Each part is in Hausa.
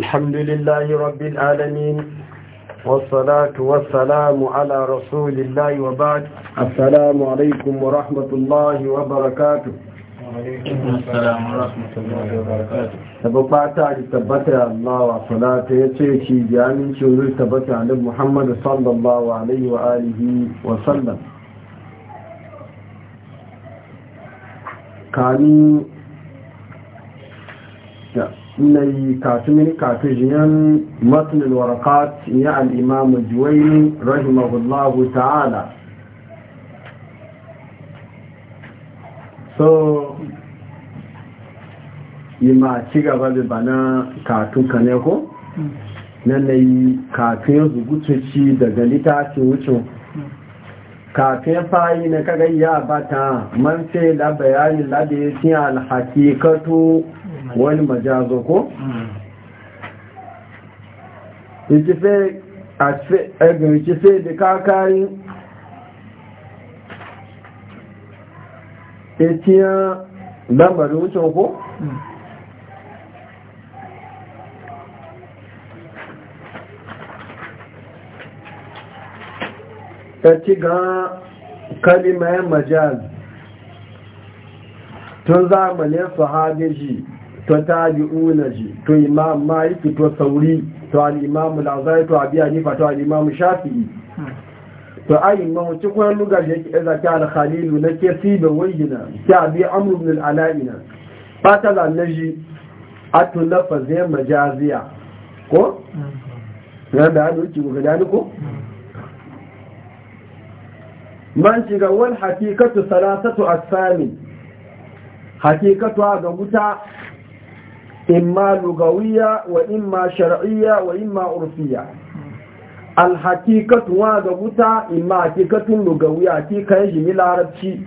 الحمد لله رب العالمين والصلاة والسلام على رسول الله وبعد السلام عليكم ورحمة الله وبركاته tabbata ya ce ki da aminci wurin tabbata sallallahu alaihi wa wa sallam kani ني كاتمين كاتجين متن الورقات يا الإمام الجويني رحمه الله تعالى so ima ci gaba da bana katun ka ne ko na na yi katun yanzu gutuci daga littafin wucin kafin fayi na kagayya bata man sai da bayanin da ya ci alhakikatu wani majazo ko rikice da kakari etiyan lambarin wucin ko ci gan kalimar majal tun zamanin to tabi'una ji to imam maliki to sauri to al-imam al-azhari to abi hanifa to al-imam shafi'i to ai imam ci ko lugar da ki za ka al-khalil na ke da wajina ta bi amr ibn al-ala'ina fata da naji atu lafazin majaziya ko na da hadu ki ga ni ko man ga wal hakikatu salasatu asami hakikatu ga wuta إما لغوية وإما شرعية وإما عرفية الحقيقة واغبوتا إما حقيقة لغوية حقيقة جميل عربشي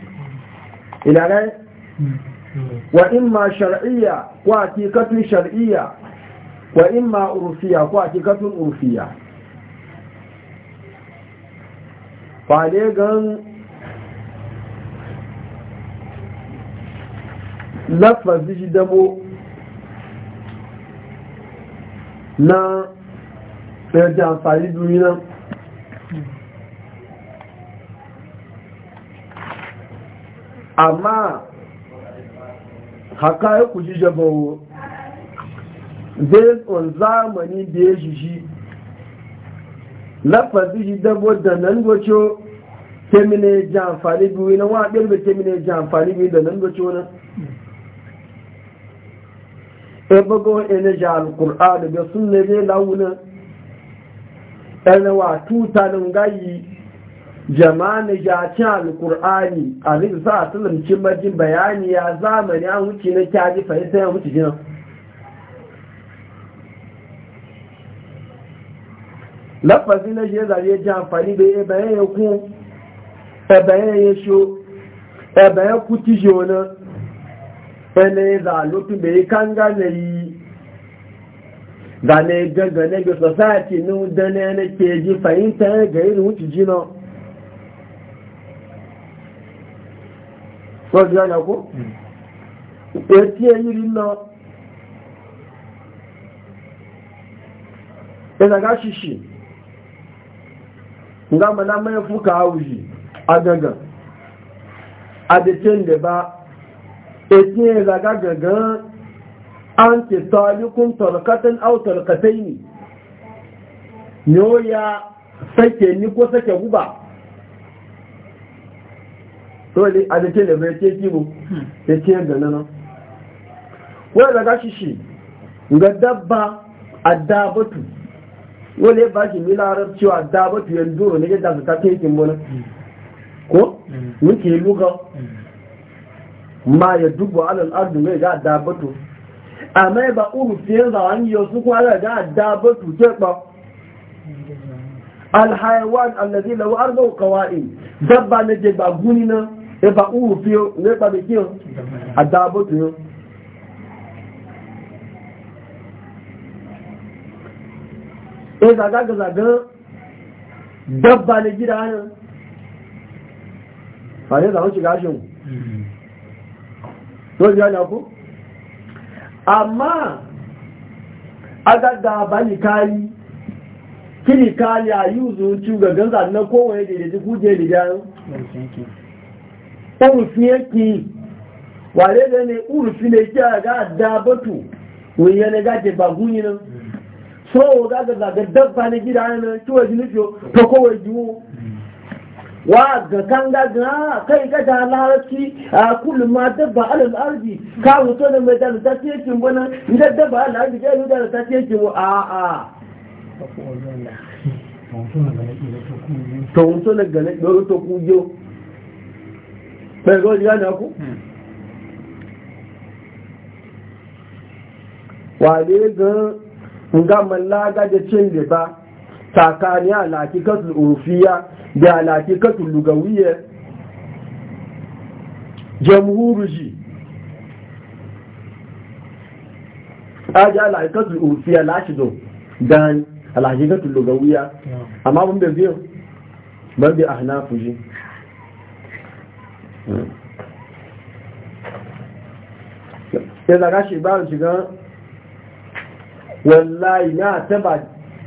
إلى غير وإما شرعية وحقيقة شرعية وإما عرفية وحقيقة عرفية فعليقا لفظ جدبو na ẹjẹ àǹfààní dúrí náà àmá haka ẹkù jíjẹ bọ̀wọ̀ based on zamani da ya shi lafazi shi dabo da nan gocho kemine ji amfani biyu na wa ɗin da kemine ji amfani biyu na ebogo ene ja alqur'an be sunne be launa ana wa tuta nan gayi jama'an ja ci alqur'ani alim sa sallam cin majin bayani ya zamani an wuce na kyaji fa sai an wuce jinan lafazi na shi zaje ji amfani da ebe ya ku ebe ya shi ebe ya ku tijo na fene za lutu bai kanga na yi ga na gangane ga society ni udane na ke ji fahimta ga irin wuce jina wasu yana ko? eti yiri na ina ga shishi nga mana mai fuka hauji a gangan a da ba etinye zaga gangan an ke talikun tarkatan au tarkatai ne ya sake ni ko sake guba dole a da ke da bai ce kibo ya ce yadda nan wani daga shi shi ga dabba a dabatu wani ya ba shi mila arab cewa dabatu yanzu ne yadda su ta tekin wani ko? Mm. mun ke wuce lugan mm. ma ya dubu alal ardu mai ga dabatu amma ba uru fiye da wani yau su kuma ga dabatu ce ba alhaiwan allazi lahu ardu qawain dabba ne je ba guni na e ba uru fiye ne ba da kiyo adabatu yo e eh, zaga ga zaga dabba ne gida ne ba da wuce gashin lórí ọ̀nà fún àmá agagà abánikáyí kí ni káyí àyíùzù tí ó gẹ̀gẹ́ ìzàdínà kówẹ̀ èdè tí kú jẹ́ èdè ohun fi é kí wà lẹ́lẹ́ ni urufin jẹ́ àgá àdábọ́tù wòye ni wa ga kanga ga kai ka da larabci a kullum ma dabba alal arzi ka wuto da mai da ta ce kin bana da dabba alal arzi ga da ta ce kin a a to wuto da ga hmm. ne do to kujo bai go diga na ku wa le ga nga mallaga da cin da ba tsakani a kasu urufiya da alaƙiƙatun lugawiyya jamhuruji aji alaƙiƙatun urfiya lashido dan alaƙiƙatun lugawiyya amma mun da biyu ban da ahnafuji sai daga shi ba shiga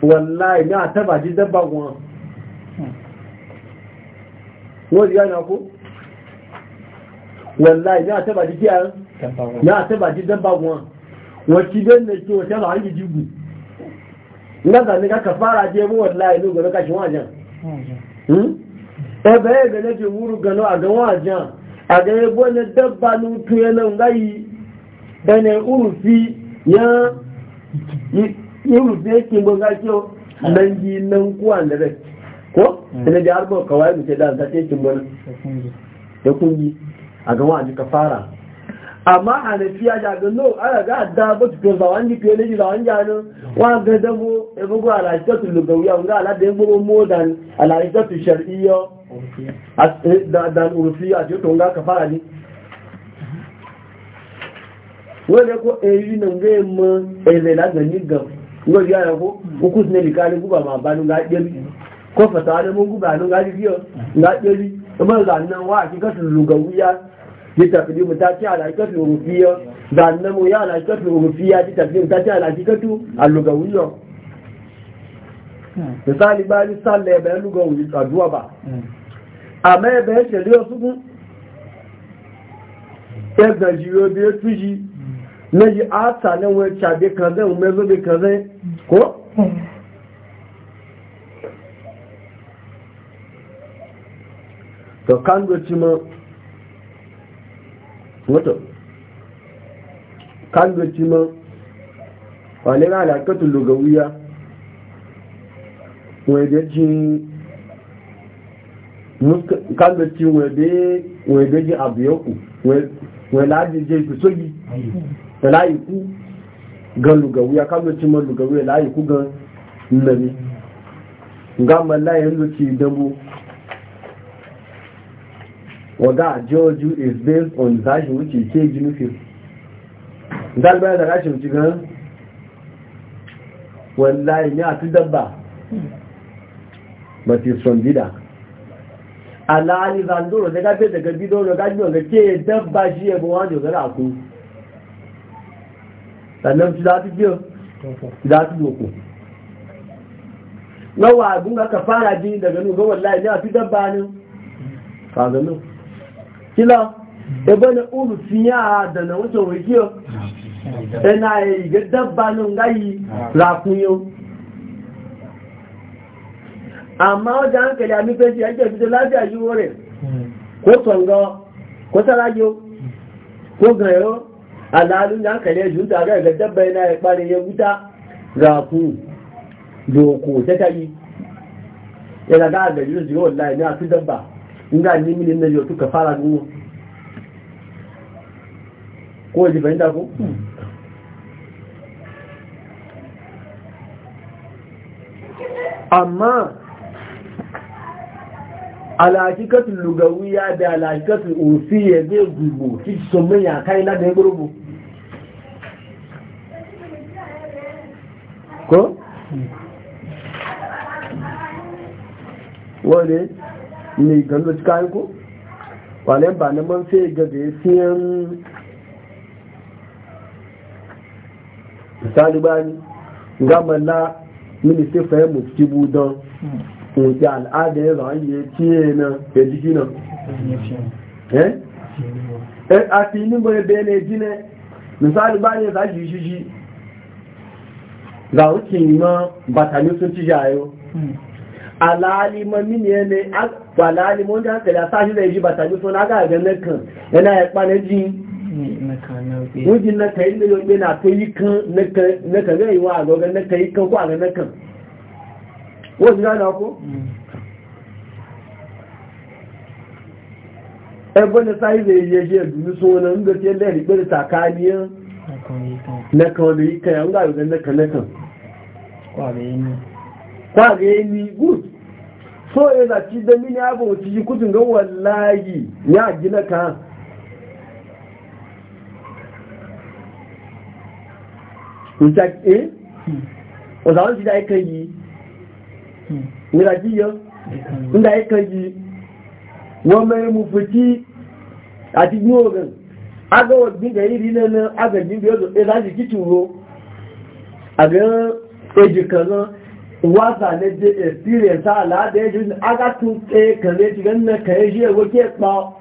wallahi na taba ji dabba wọn wọ́n yá náà kó na náà tẹ́bà jí kíá náà tẹ́bà jí dẹ́bà wọn wọ́n ti bẹ́ ní kí wọ́n hmm? tẹ́bà ń jí jùgbù fara jẹ́ mú wọ̀láì ló gẹ̀rọ káṣí wọ́n àjá ẹbẹ̀ ẹgbẹ̀ ní ti wúrú a àgẹ̀wọ́n àjá àgẹ̀rẹ̀ bọ́ ní dẹ́bà ní tún yẹn náà ngáyì ẹni urùfi ya urùfi kí n gbọ́ ngáyì tí ó lẹ́yìn náà kú ko mm. sai da harba kawai mu ce da ta ce kin bana da kungi a ga wani ka fara amma hanafiya da ga no ala ga da ba to za wani ke ne da wani jano wa ga da mu e bugu ala ta tu lugawiya ga ala da mu dan, ala ta tu shar'iyya eh, da da urfiya je to nga ka fara ne wanda ko eyi eh, yi nan ga mu e eh, le la ga ni ga ngo ya ko mm. ku ku ne likali ku ba ma banu ga dil ko fata da mun guba nan gaji biyo na ɗari kuma zannan wa a kika su lugawiya ji tafi mu ta ce alaƙa su rufiya zannan mu ya alaƙa su rufiya ji tafi mu ta ce alaƙa su a lugawiya hmm. misali ba ni sallai bayan lugawiya tsaduwa ba hmm. amma ya bayan shari'a su kun ya e gaji yau biyu tuji hmm. na ji a tsanin wani cabe kazan mai zobe kazan ko to kan doci ma wato kan doci ma wani na alaƙatun lugawiya wadda ji kan doci wadda ji abu yaku wadda ajin je fi soji da layi ku gan lugawiya kan doci ma lugawiya layi ku gan nari gama yanzu ci dambu wadda georgiou is based on zashin wuce ke jinufin dalbaya da rashin wuce gan wallahi ya fi dabba but is from bida alali zandoro da gafe daga bidoro gajiyo ga ke dabba shi yabo wajo gara ku sannan su za su biyo za su doko nawa abin ka fara jini daga nuga wallahi ya fi dabba ne ka zanen kila ebe na ulu a da na wucin wikiyo yana yi e ga dabba na gayi rakunyo amma wajen hankali a nufin shi yake fito lafiya yi wore ko tongo ko sarajo ko gayo alhalin da hankali ya juta ga ga dabba yana ya kpare ya wuta raku doko ta tayi yana ga gari da jiyo wallahi ne a fi dabba inda ji mini na yau suka fara gumo ko ji ko amma alhakikatun lugawiya da alhakikatun ofiye zai gugu ci somin ya kai na da ya gurgu ko? Hmm. wane? Ni gando cika ko? walen ba ne man sai ga da ya siyan misali bani gama hmm. na ministry fayin mufti budon nke al'ada ya zama ya ciye na ya jiki nan eh eh a filin bai e bene jine misali bani ya zaji shi shi ga wuce ma batani sun ci jayo hmm. alali mamini ne wàlá ni mo ń dá tẹ̀lé asájúlẹ̀ ìjì bàtà fún agáàgẹ́ lẹ́kàn ẹ̀nà ẹ̀pá lẹ́jì wọ́n jí lẹ́kàn ilé ọgbẹ́ náà tó yí kan lẹ́kàn rẹ̀ ìwọ̀n kan kó àrẹ lẹ́kàn wọ́n na rárá ọkọ́ ẹgbọ́n ní sáyẹ̀lẹ̀ so ya ci da mini abu wuce shi kudin ga wallahi ya gina ka eh da aika yi wuzaki yau yi wata ne je experience ala da yaji aga tun tsaye kan ne ti ganna kan yaji e ewo ke pa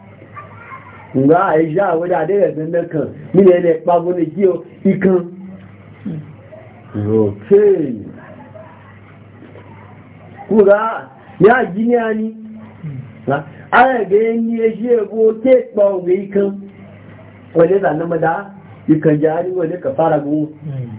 nga a yi e aisha a da de ganna kan mi ne le pa bo ne ji o ikan okay kura ya ji ni ani ara ga ni yaji e ewo ke pa o ikan wale da na mada ikan jari wale ka fara gu hmm.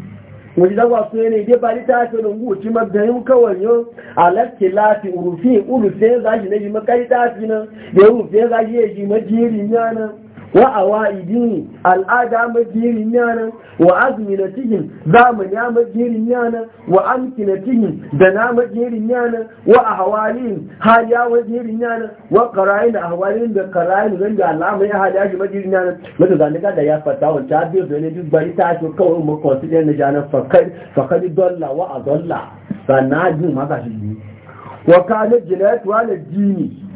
wani zawa su ne dai ba ni tashi da ngu ci magayin kawai yau alatti lati urufi urufe za shi na nan da urufe za shi ya yana wa awaidini al'ada majirin yana wa azminatihim zamani ya majirin yana wa amkinatihim da na majirin yana wa ahwalihim haya majirin yana wa qara'in ahwalihim da qara'in zan da alama ya hada shi majirin yana mutu zan ga da ya fata wa ta biyo da ne duk bari ta so kawai mu consider na jana fakai fakai dalla wa adalla sanadin ma ka shi wa kana jinayatu ala dini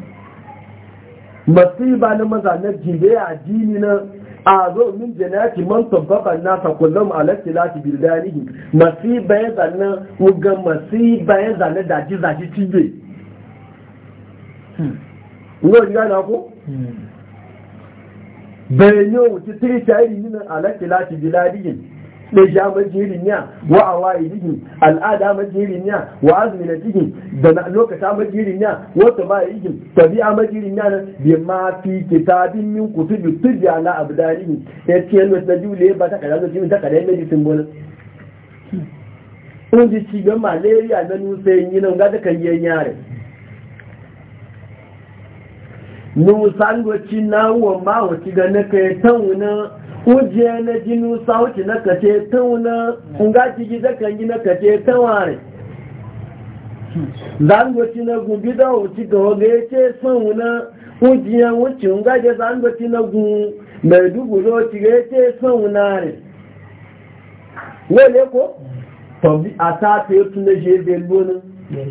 masiba na maza na jibe a jini na a zo min janati man tabbaka nasa kullum ala tilati bildanihi masiba ya zanna uga masiba ya zanna daji zaji tibe hmm. ngo ya hmm. na ko bayan yau ci tiri a lati lati bil dalihi ɗaja majirin ya wa a waye jiki al'ada majirin ya wa azumi na jiki da lokata majirin ya wata ba ya jiki tabi'a majirin ya nan bi ma fi kitabin min kutubi tubi ala abdarihi ya ce yalwa na jule ba ta kada zuci ta kada mai jikin bonan in ji ci ga malaria na nusa yin yi nan ga da kan yin yare nusa lokacin na wuwan ma wa ci na kai tan wunan kuje na jinu sauti na kace tauna nga jigi da kan na kace taware zango na gumbi da wuci ga waga yace sauna ujiyan wuci nga je zango na gun mai dubu zo ci ga yace sauna ne wele ko to bi ata te tun je be lona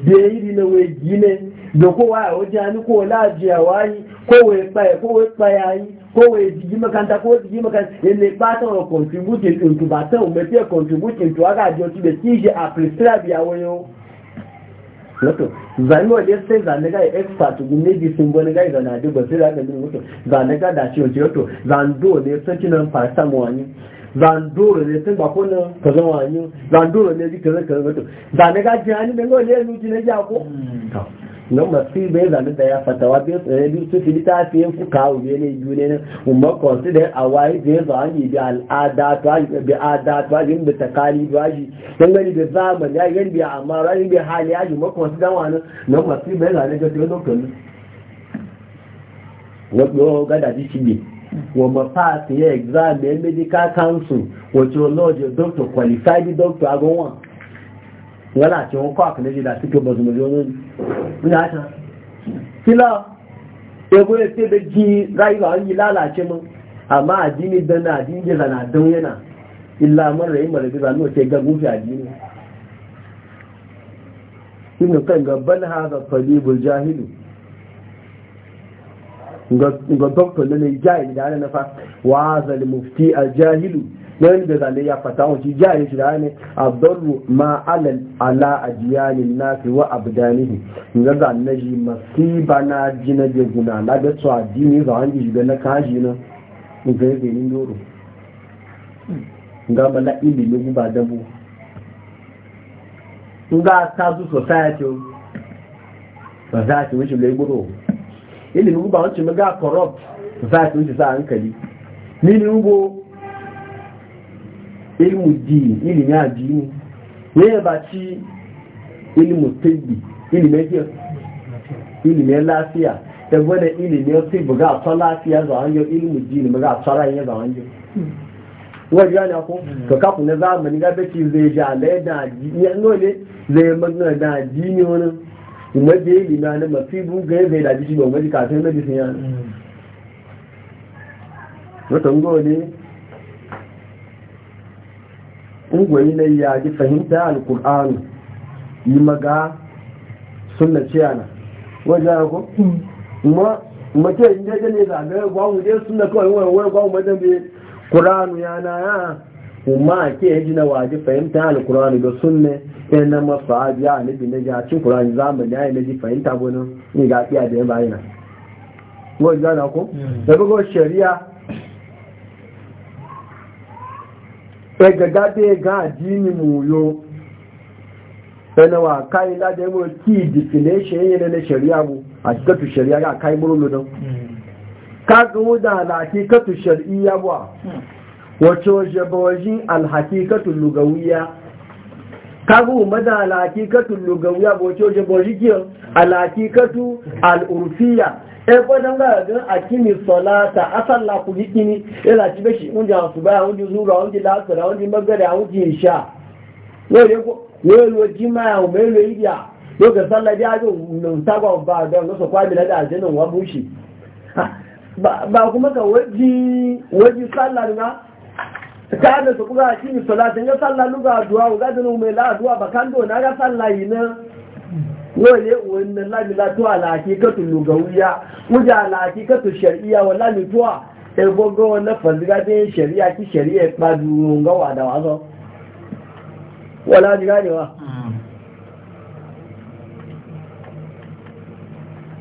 be yi na wai gine da ko wa o jani ko lajiya wayi ko we pa ko we pa yayi ko ya jigi makanta ko jigi makanta ya ne fatan wa contributing in ba ta umar fiye contributing to aka ajiyo su da kishi a prescribe ya wayo wato zane wa ya sai zane ga expert gun ne bi sun gwani gai zane adi basir da min wato zane ga da ciwon ciwon to zando ne sun cinan fasa mu wani zandoro ne sun ba kone ka wani zandoro ne bi ka zai ka zama to zane ga jihani ne wani ya nuji na jako nan masu bai zane da ya fatawa bai tsaye biyu su fili ta fiye ku kawo biyu ne biyu ne umar consider a waye da ya zo an yi bi al'ada to an bi ada to an bi takali to an gani bi zamani ya bi amma ran bi hali ya yi umar consider wani nan masu bai zane da ya kan wato gada ji shi bi? wọ́n mọ̀ pass yẹ exam medical council wọ́n ti ọlọ́ọ̀jẹ̀ doctor qualified doctor agbọ́n wọn. wala ce wọn kọ́ àkànlẹ́jì láti tó bọ̀zùmọ̀lẹ́ olóòrùn ní àṣà da ẹgbẹ́rẹ́ tí ẹgbẹ́ jí ráyíwá yí lálàáṣẹ́ mọ́ na àdínì dáná àdínì jẹ́sà náà dán yẹ́nà ilá mọ́rẹ̀ ìmọ̀lẹ̀ bí lánàá tẹ gagun fi àdínì inú kan ga bal ga talib al jahil ga ga doktor ne jahil da ana nafa wa mufti al jahilu nan da zane ya fata wuce ji a yi shira ne a zarru ma alal ala a jiyanin nasi wa abdanihi ga zane ji masiba na ji na guna na da su addini za wani shi na kashi na ga yi ganin doro ga mala ilimin ba dabu ga ta zu society ba za wuce ilimin ba wancan ga corrupt society wuce sa hankali ni ilmu dini ilimi addini ne ba ci ilmu tibbi ilimin fiye ilimin lafiya ta gwada ilimin tibbi ga ta dini ba ga ta rayuwa za hanyar wajen yana ko to hmm. kafu na zamani ga baki zai ja lai magana ilimi zai wani ungwayi na ya ji fahimta al-qur'an yi maga sunna ciyana wajen ko hmm. ma mace yi daidai ne zaɓe gwamnu dai sunna kawai wani wani gwamnu madan bai ya na ya kuma ke yaji na waje fahimta al-qur'an da sunna ya na masu ajiya a nabi na jacin qur'an zamani ya yi na ji fahimta gwanin ni ga fiya da ya bayana wajen ko hmm. da shari'a ẹgbẹ̀gá bí ẹgbà àjí nínú yó ẹnàwà káyí ládẹ́mọ́ tí ìdìfìlẹ̀ ṣe yẹ́ lẹ́lẹ́ ṣẹ̀ríà àti kẹtù ṣẹ̀ríà yà káyí mọ́rún lọ́dọ́ káàkiri àlàkí kẹtù ṣẹ̀ríà wọ́tí ó ṣe bọ́ kẹtù ẹgbẹ́ dánwà gan àkíní sọ̀lá ta asàlá kò yí kíní ẹlà tí bẹ́ṣì oúnjẹ àṣùgbà oúnjẹ zúra oúnjẹ lásìrà oúnjẹ mọ́gẹ́rẹ̀ oúnjẹ ìṣà lóòrò jímá àwọn mẹ́lò ìdíà lóòrò sálà bí ájò lòǹtàgbà ọba àdọ́ lọ́sọ̀kọ́ salla àjẹ́ náà wọ́n bú ṣì ba kuma ka waji sallar na ta da su kuma a cikin salatin ya sallar luga aduwa ga dinu la la'aduwa ba kan do na ga sallayi na wale wannan lami latuwa na hakikatu lugawiya wuja na hakikatu shari'a wala mutuwa ebogo wala fazira da shari'a ki shari'a ba dunga wa da wazo wala diga ne wa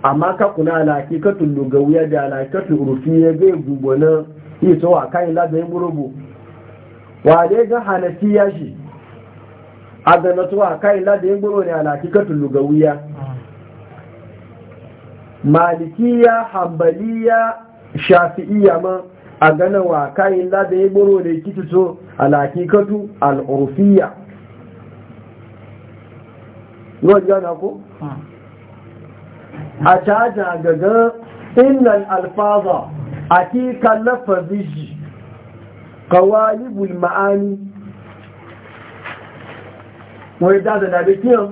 amma ka kuna na hakikatu lugawiya da na hakikatu urufiya zai gubana yi tsawa kayan labarin burubu wa dai ga hanafiya shi aganatuwa kai da yin ne a lakikatun lugawiya malikiya hambaliya shafi'iya ma a ganawa kayan da yin goro ne kiti so a al'urfiya ruwan gana ko? a caja gaga innan alfaza a kikan lafazi kawalibul ma'ani wọ́n dáadọ̀ dàbí kí ọ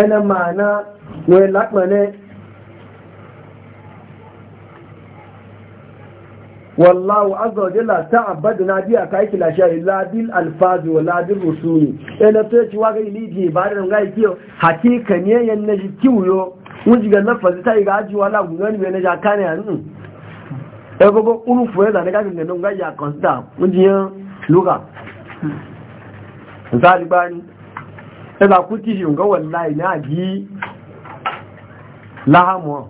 ẹnẹ máa ná wọ́n lápẹ̀ẹ́lẹ́ والله عز وجل تعبدنا بها كايك الاشياء لا بالالفاظ ولا بالرسوم انا توتي واغي ليجي بارن غاي كيو حقيقه ne yan naji kiwo wuji ga lafazi tai ga aji wala ẹgbà kú tí ṣe ǹkan wọ̀lá ìní àjí láhàmọ́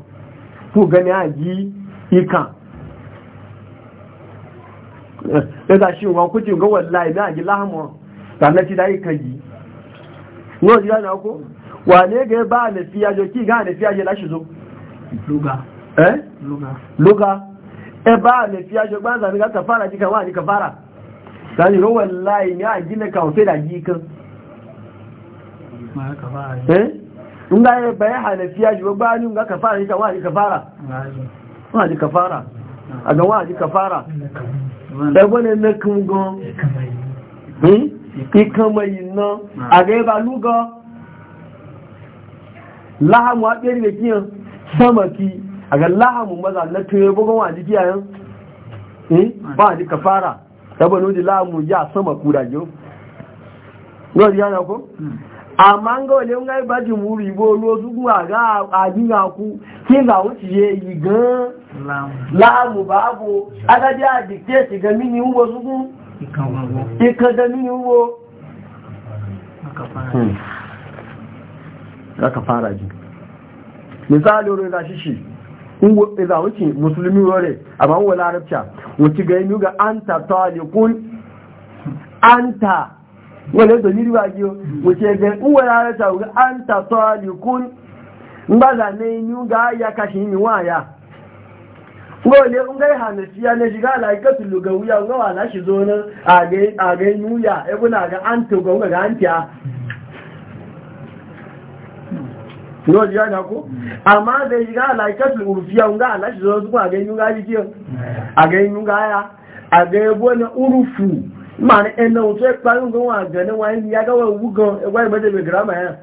kú gẹni àjí ikàn ẹgbà ṣe kú tí ǹkan wọ̀lá ìní àjí láhàmọ́ tàbí ti dá ikàn yìí wọ́n ti dáná kó wà ní ẹgbẹ́ bá lè fi ajọ kí ìgá lè fi ajọ láṣìṣó lóga ẹbá láì ní àjí nẹ́kà òfẹ́ ìdàjí kan Eh? in ga ya bayan halafiya shi ba ni ga kafara shi ka wa kafara wa ji kafara a ga wa ji kafara da wani na kungo ikamai hmm? na a ga ba lugo lahamu a ɗari da kiyan samaki a ga lahamu maza na tuye bugon wa hmm? ji kiyayen ba ji kafara da wani lahamu ya sama kudajo yau ya na àmá ń gọ́ ilé ń gáyé bá jù múrù ìgbó olóòsùgbùn àgá àjíyànkú kí n àwọn ti yẹ yìí gan láàmù báàbò adájá àdìkẹ́ẹ̀sì gan mí ní ń wo ń wo fara hmm. jù misali orin rashishi ìzàwọ́kì musulmi rọrẹ̀ àbáwọ̀ wale to yiri wa kiyo wuce ga uwara ra ta ga an ta talikun mbaza na nyu ga ya kashi ni wa ya ngole ngai hanafiya ne shiga laikatul lugawiya ngawa la shi zo nan a ga a ga e ga an to ga ga an tiya Yóò jẹ́ àjákó, àmá àgbẹ̀ ìgbà àlàíkẹ́sì òrùfíà ń gá àláṣìṣọ́ ọdún inú ma ní ẹnà òtún ẹ̀pá ń gbọ́n wọn àgbẹ̀ ní wọn ẹni gan ẹgbẹ́ ìmọ́tẹ̀bẹ̀ gírámà yẹn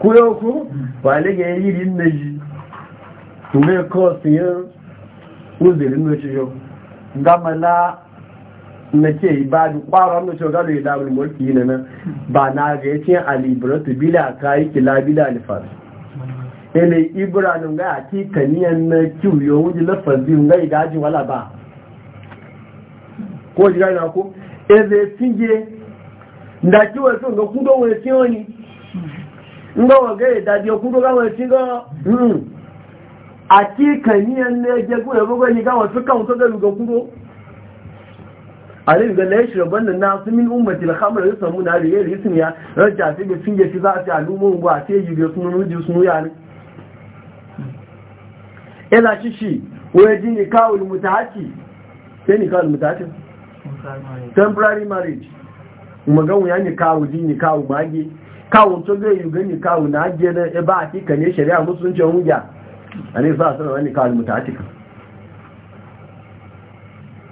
kú yóò kú wà yìí méjì ìwé kọ́ọ̀sì yẹn ó zèrè gámàlá nake ba e da kwarar e. na na e ga yace alibratu bila kai kila bila alfar ele ibrahim na ko ji na ko eze eh, tinje nda ki wa so ga kudo wa ti ngo wa ga da di kudo ga wa ti hmm. A hmm ati kaniyan ne je ku ebo ga ni ga wa su kan so ga lu ga kudo alayhi ga la yashraban nan nasu min ummati al-khamr yusamuna bi ghairi ismiya raja fi bi tinje fi za ta Ngo a ta yi ga sunu ji sunu ya ne ila eh, shishi wajin nikahul mutahati sai kawul mutahati temporary marriage magawu ya ni kawo ji ni kawo mage kawo to ga yi gani kawo na ajiye na e ba kan ne shari'a musulunci an hujja a ne sa sanar wani kawo mutu atika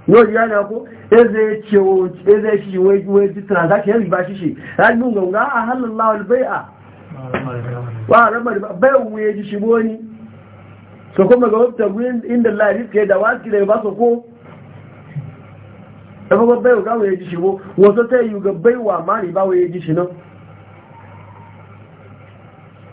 yóò yá ni ọkú eze ciwo eze shi wai ji transaction ba shi shi rajin gunga a ah, halin lawal bai a wa ramar bai wuye ji shi boni so kuma ga wata inda lari ke da wasu da ba su ko ẹgbẹ́ gbọ́ bẹ́ẹ̀ gáwọ̀ èjì ṣe wó wọ́n tó tẹ́ yìí gbẹ́ ìwà márì báwọ̀ èjì ṣe náà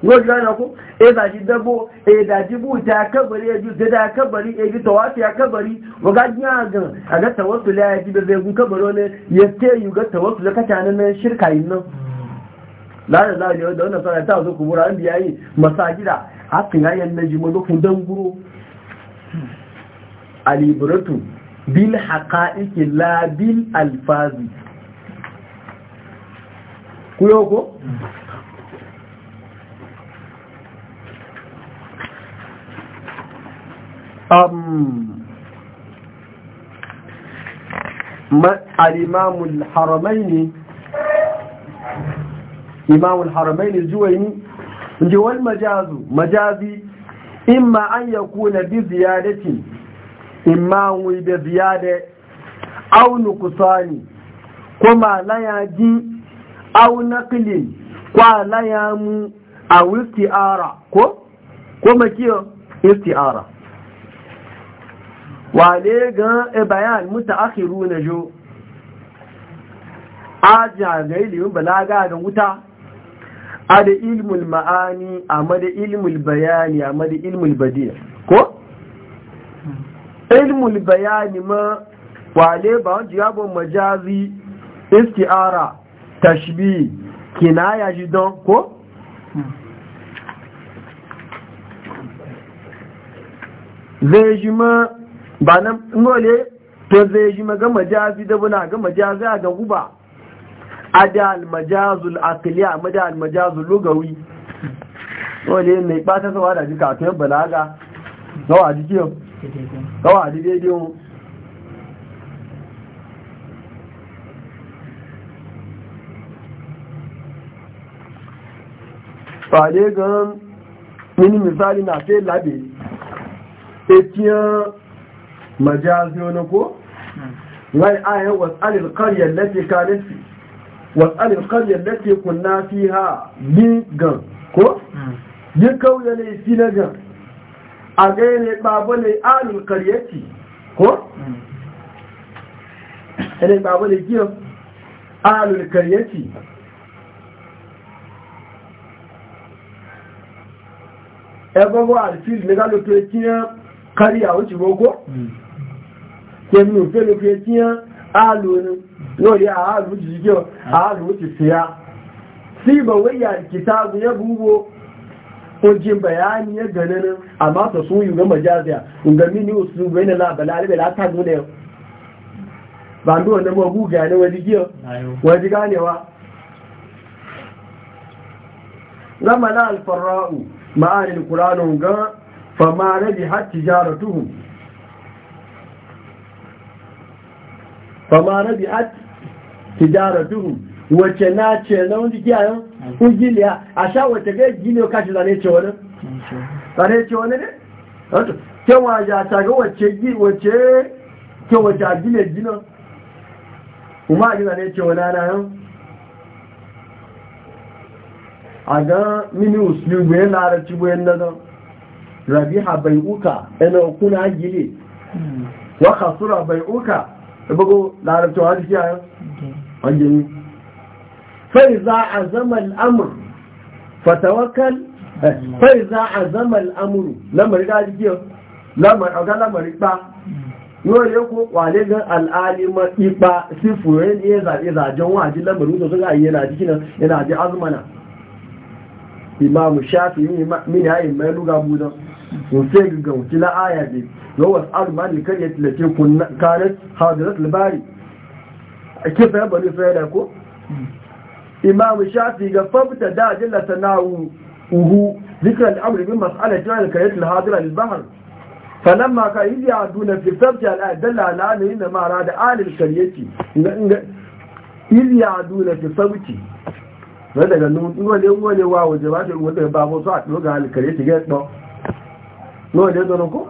wọ́n jẹ́ ẹ̀nà kú ẹ̀dàjì dẹ́gbó ẹ̀dàjì bú ìta akẹ́bẹ̀rí ẹjú tẹ́dà akẹ́bẹ̀rí ẹjú tọ̀wáfí akẹ́bẹ̀rí wọ́gá àgàn àgẹ́tàwọ́sùlẹ̀ ẹjú ẹgún kẹ́bẹ̀rí ọ̀nà yẹ tẹ́ yìí gẹ́tàwọ́sùlẹ̀ kàtà nínú ṣírkà yìí náà láàrín láàrín ọ̀dọ̀ bil haqa'iqi la bil alfazi kuyo ko haramaini imam al haramaini al majazu majazi imma an na bi ziyadatin Imma imamu da ziyade aunu kusani kuma layaji au naqlin kwa layamu au isti'ara ko kuma kiyo isti'ara wale ga e bayan na jo aja ga ilimin balaga da wuta a da ilmul ma'ani a da ilmul bayani a da ilmul badiya ko ilmul bayani ma wale ba wani jigabon majazi istiara tashbi kinaya ji don ko? zai ji ma ba na nole to zai ji ma ga majazi da buna ga majazi a ga guba ada almajazul aqliya mada almajazul lugawi nole mai ba ta sawa da jika to balaga zawa jikiyo kawai a daidai wọn fàdé gan nínú misali na fẹ́ lábẹ̀ etiyan majazi wani ko wani ayan wasalil karyar lati kanifi wasalil kunna hmm. fi ha bin gan gan a gane babu ne alul karyati ko? ne babu ne giyo alul karyati ẹgbogbo alfil ní gálòtò ẹkíyàn kárí àwọn ti gbogbo kẹmí òfèlòfè ẹkíyàn alùnú Alu àálù jìjọ alu ti fìyà sí ìbọ̀wé yà kìtàbù yẹ búgbò kojin bayani ya ganin nan amma ta su yi gama jaziya ga mini su bai na labala da la ta yau ba ndo wanda ma guga ne wani giyo wani ganewa gama na alfarra'u ma'anin kuranun ga fama rabi har tuhu fama rabi har tuhu wace na ce na wani giyayen ujiliya a sha wata ga giliyo kashi zane ce wani zane ce wani ne wato kewa ya ta ga wace wace kewa ta giliyo gina kuma a gina ne ce na na yan a ga mini uslu bayan larabci bayan nazar rabiha bai uka yana kuna gili hmm. wa kasura bai uka da bugu larabci wa jikiya yan wajen yi فإذا عزم الأمر فتوكل فإذا عزم الأمر لما رجال جيو لما رجال لما رجال yóò yóò kó wà lé gan al'alimọ̀ ipa sí fúrẹ́ ní ìzàjọ wọn àti lẹ́mọ̀lú tó sọ́gá ìyẹn àti kínà ìrìn àti azumana imamu shafi mini ayi mai luga budan sosai ga wuce la'aya ne yawon al'umari kar ya tilace kanar hadirat a ko imam shafi ga fabta da jalla sana'u uhu zikra al-amr bi mas'ala jalla ka yatil hadira lil bahr fa lamma ka yiya duna fi fabta al-ayat dalla ala anna ma ra da alil kariyati inga yiya duna fi fabti wa daga nun wa le wa le wa wa jaba ta wa ga al kariyati ga to no le do ko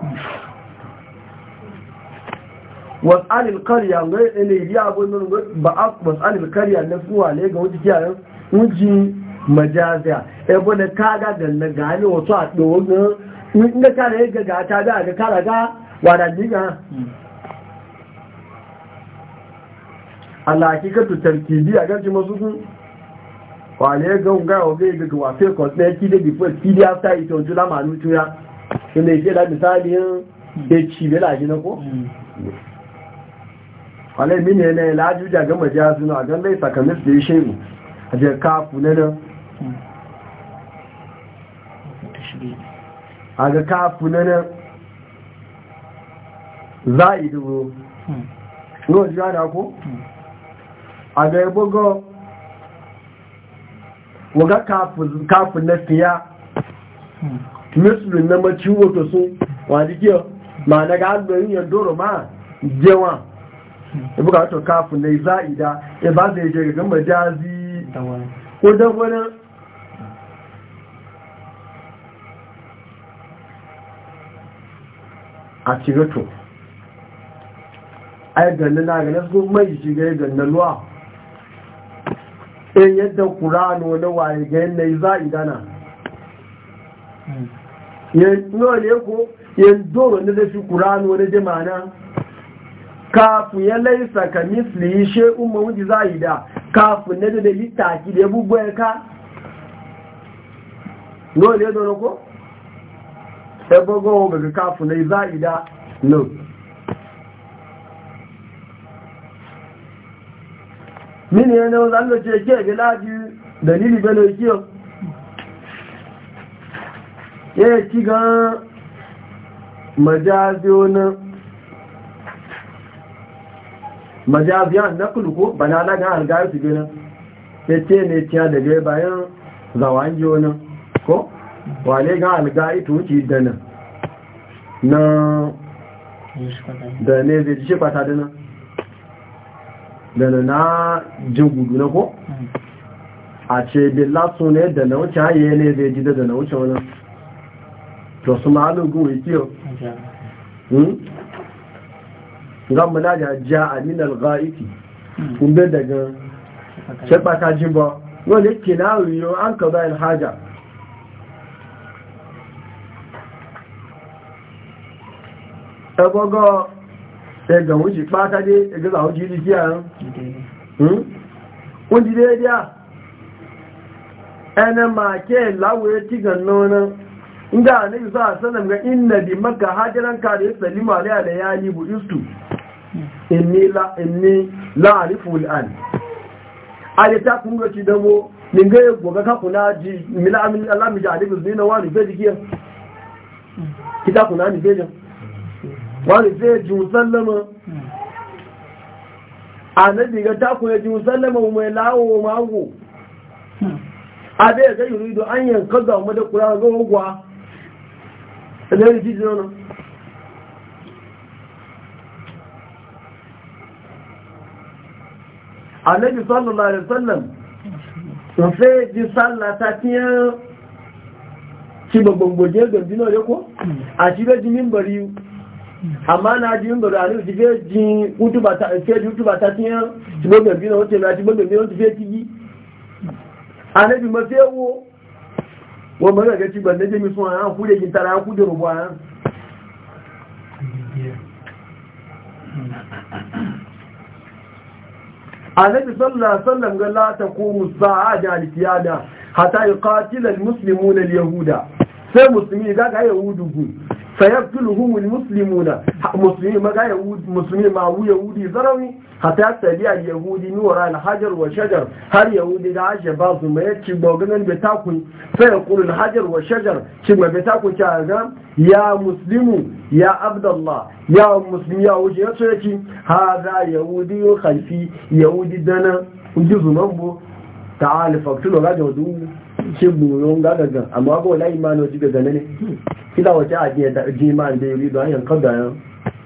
wasalil karya ngai ne ya abu nan ba a wasalil karya na fuwa ne ga wuce kiyaye wuce majaziya e bane kaga da na gane wato a dowo ga inda ka ne ga ga ta da ga kara ga wada diga Allah hakikatu tarkibi a gaji masu sun wale ya ga unga oge ga ga wafe kos ne ki da before ki da after ito jula manu tuya shine ke da misali yin da ci bela ji na ko falai mini yana laju ja gama ja suna a gan laisa da ya yi shehu a je kafu na nan a ga kafu na nan za a yi dubu yau ji gada ko a ga yabo ga waga kafu na fiya musulun na maciwo to sun wani kiyo ma na ga albayin yadda ma jewa ya buga wato kafin na za'ida ya ba zai je ga jazi ko don wani a cigato a yi ganin na ganin su mai shiga ya ganin in yadda kurano na waye ga ya za'ida na hmm. nuna ne ko yanzu ne zai fi kurano na jimana kafu ya laisa ka misli she umma wuji zaida kafu ne da litaki da bubu ya ka no ya do ko e bogo be kafu ne zaida no mini ne o zan lo je ke be laji dalili be lo Ya ye ti gan majazi ona majaziya na kulku bana laga har ga su gina sai ce ne ciya da gai bayan zawan ji wani ko wane ga algari da dana na da ne zai ji shekwata dana dana na jin gudu na ko a ce billa su ne da na wuce haye ne zai ji da na wuce wani to su ma'alugun wikiyo zan muna ja a minal ga'iti daga shaɓaka jimba wani ke na yiwu an ka bayan haja ẹgbọ́gọ́ ẹgbẹ̀ wọ́n jì pátádé ẹgbẹ̀lá wọ́n jì ìdíkí àrùn wọ́n inna bi maka salima alayhi bu istu inni la'arifu al'an a da ta kuma ci damo min ga ya goga ka kuna ji mila amin Allah mi jadi bi zina wani fe dikiya ki ta kuna ni fe jan wani fe ju A annabi ga ta kuna ju sallama mai lawo mago a da ga yurido an yankaza mu da kura ga ogwa da ji jona annabi sallallahu alaihi wasallam to sai ji sallah ta tiya ci babban goje ga dino ya ko a ci da jimin bari amma na ji bari a nufi ji ji kutuba ta ce kutuba ta tiya ci ci ci sun annabi sallallahu alaihi wasallam ga la taqumu sa'ada al-qiyada hatta yuqatila al-muslimuna yahuda sai musulmi ga ga yahudu sayakiluhu ilmuslimuna musulmi maga yahudi musulmi ma wu yahudi zarami hatta sabiya yahudi ni wara alhajar wa shajar har yahudi da aje ba su mai ci boganan be takun sai qulul hajar wa shajar ci mai be takun ci aga ya muslimu ya abdullah ya muslimi ya wuje yace yake hada yahudi yo khalfi yahudi dana kunji zuman bo ta'ala faktulo gaje wadu ke buron ga gagan amma ba wala imanu ji gagan ne kila wace a je da ji man da yuri don yan kaga yan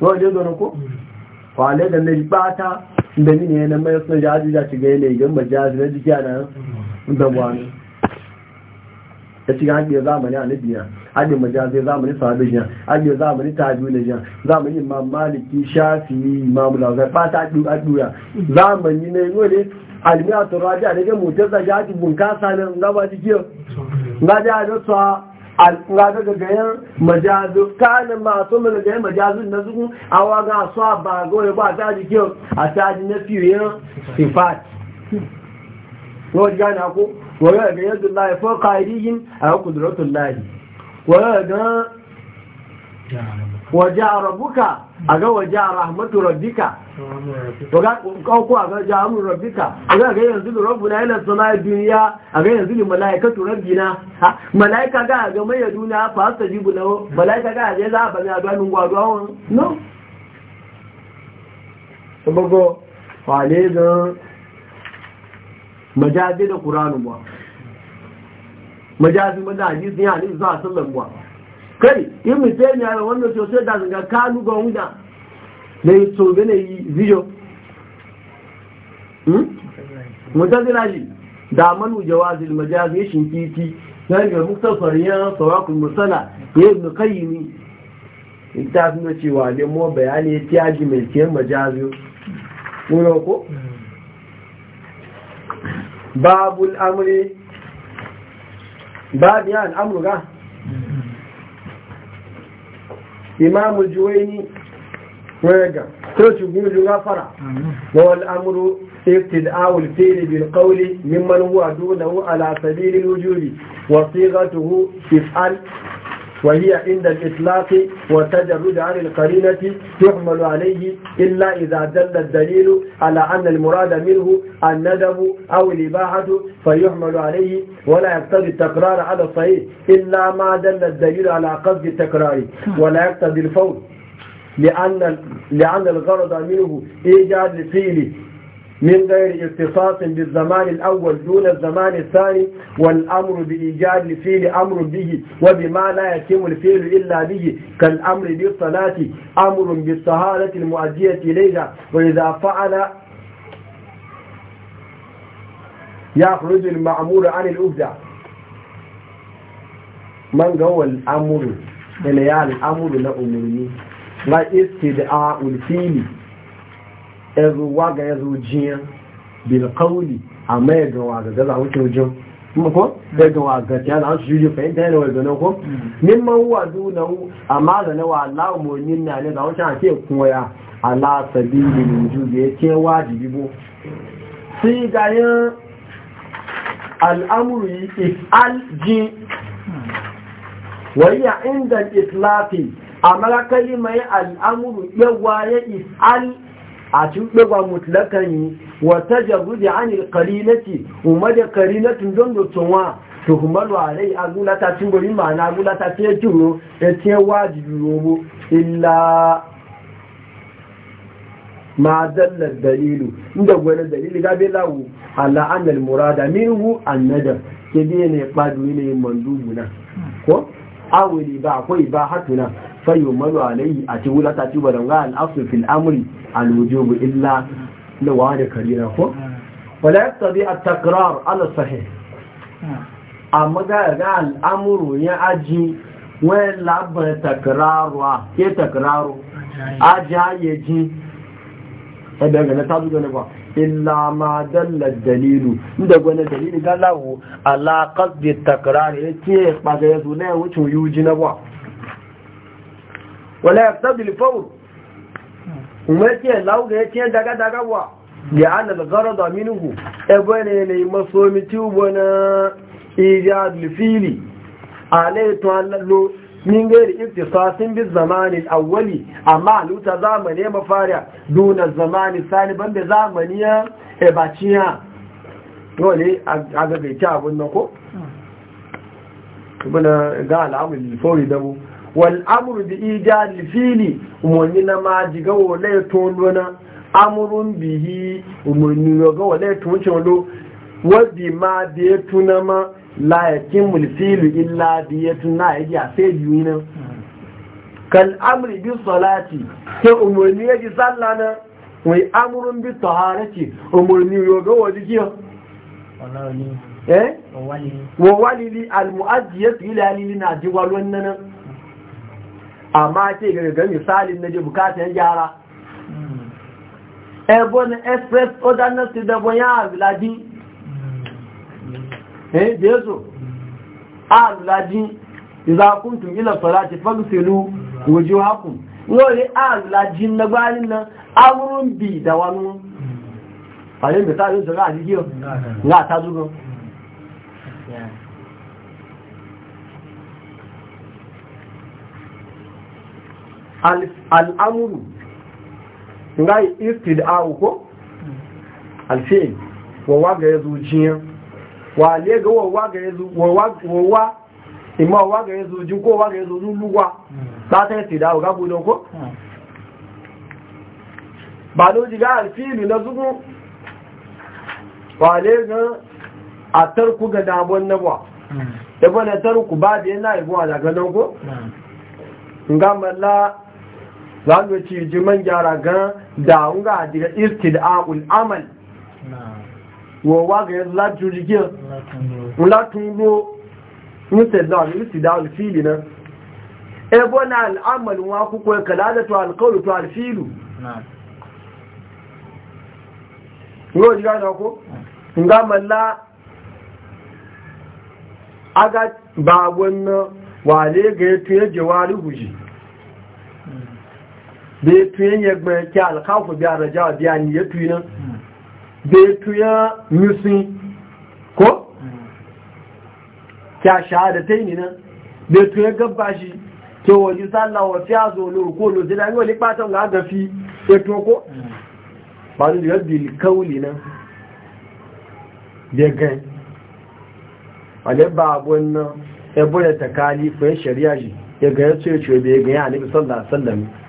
ko je don ko wale da ne bata da ni ne na mai sun jaji da ci ga ne ga majaji da jiya na da wani ya ci hajjiya zamani a nabiya hajjiya majalisai zamani sahabi jiya hajjiya zamani tabi na jiya zamani imam maliki shafi imam lazar ba ta ɗuya zamani ne wani a almiya turaja da ga mutar da ya ci bunkasa ne ga ba ji kiyo ga ja da tsa ga ga ga yan majazu kana ma to mun ga majazu na zuku awa ga so ba Wani ba ta ji kiyo a ta ji na fiye sifat ko ga na ko wa ga ga yadda Allah ya fauka aidihim a kudratul lahi wa ga waja rabuka aga waja rahmatu rabbika ko a ga jamun rabbika a ga ga yanzu yana ila a duniya a ga yanzu malaikatu rabbina malaika ga ga mai duniya fa astajibu lahu malaika ga ga za ba ya ganin gwado awon no sabago fale ga majazi da qur'anu ba majazi da hadisi ya ali za sallan ba kai in mutane ya wannan sosai da zanga kanu ga wunda yi lẹ́yìn tó bẹ́lẹ̀ yìí fíjọ da manu jawazil majazi ya shinkiti na ga muktasar yan sawakun musala ya ibn qayyimi ita suna cewa lemo bayani ya tiyaji mai tiyan majazi wuro ko babul amri babu ya al'amura mm-hmm. imamul juwaini ويقع وهو الأمر ابتداء الفعل بالقول ممن هو دونه على سبيل الوجود وصيغته افعل وهي عند الإطلاق وتجرد عن القرينة يحمل عليه إلا إذا دل الدليل على أن المراد منه الندب أو الإباحة فيحمل عليه ولا يقتضي التكرار على الصحيح إلا ما دل الدليل على قصد التكرار نعم. ولا يقتضي الفوز لأن لأن الغرض منه إيجاد الفيل من غير اختصاص بالزمان الأول دون الزمان الثاني والأمر بإيجاد الفيل أمر به وبما لا يتم الفيل إلا به كالأمر بالصلاة أمر بالصهارة المؤدية إليها وإذا فعل يخرج المعمول عن الأبدع من هو الأمر إليها الأمر لأمرني la istid'a ulfili ezu waga ezu jiyan bil qawli amma ya gawa ga gaza wuce wujin kuma ko ya gawa ga ya na su yi fahimta ne wai ganin ko mm. min man huwa dunahu amma da wa wala mu nin na ne da wuce ke koya ala sabili wujud ya ce wajibi bo sai ga yan is if'al jin mm. wa hiya inda itlaqi amma ya al'amuru yawa ya is'al a cikin mutlakan yi wata jarudu an karinati umar da karinatin don dotonwa to kuma lwarai a gulata cin gori ma'ana gulata ta yi kiro ya ce wajibi robo illa ma dallar dalilu inda gwani dalili gabe lawo ala annal murada minhu annadar ke biya ne kpadu ne mandubuna ko awuli ba akwai ba hatuna fayu malu alayhi a ci wula ta ci barin ga al'asu fil amri alwujubu illa na wa da karira ko wala yaqtadi at-takrar ala sahih a ga ga al'amru ya aji wani labar wa ke takraro aja ya ji ɗan gane ta zuga ne ba illa ma dalla dalilu inda gwani dalilu galawo alaƙas da takrari ya ce ba ya zo na yawucin yuji na ba wala yaqtadi al-fawr ya lau ga yace daga daga wa ya anal gharada minhu ebone ne masomi tubona ijad al-fili alaytu allo min gairi iktisasin bi zamani awwali amma luta zamani mafariya duna zamani sani banda zamani ya e baciya dole a ga bai ta abun nan ko ga al'amun fawri dabu wal amru bi ijadi fili umarni na ma jiga wala tondo na amurun bihi umarni ga wala tondo wadda ma da ya tuna ma layakin mulfilu illa da ya tuna ya ji a sai biyu nan kal amri bi salati sai umarni ya amma ce ga ga misalin na je bukatan gyara hmm. ebon express order na su da bonya abladi hmm. eh jesu abladi idza kuntum ila salati fagsilu wujuhakum ngori abladi na gbalin nan awrun bi da wanu hmm. ayin misalin su ga adiyo na ta zugo al'amuru nga yi istid awu ko alfi'il wa waga ya zuciya wa lega Wa waga ga ya zu wa wawa imma wawa ga ya zuci ko waga ga ya zuci lugwa ta hmm. ta istid awu ga budon ko hmm. ba lo jiga alfi'il na zugu wa le ga a tarku ga dabon nabwa ibn hmm. tarku ba da yana ibuwa daga don ko nga za mu ci jiman gyara gan da unga daga istida'ul amal wa wa ga laju jige la tungo musa da ni da fili na e bona al amal wa ku ko kalada to al qawlu to al filu yo diga na ko nga malla aga ba wannan wale ga yato ya jawari huji bai tuyen yagba ki alkafu biya da jawa biya ni ya tuyi nan bai tuya musin ko kya shahadatai ni nan bai tuya gabba shi ke wani sallah wa fiya zo lo ko lo jira yi wani patan ga gafi ya e to ko ba ni da bil kauli nan da gan wale ba abun nan e e ya bude takali fa shari'a shi ya gaya ya ce ce bai gaya ya nabi sallallahu alaihi wasallam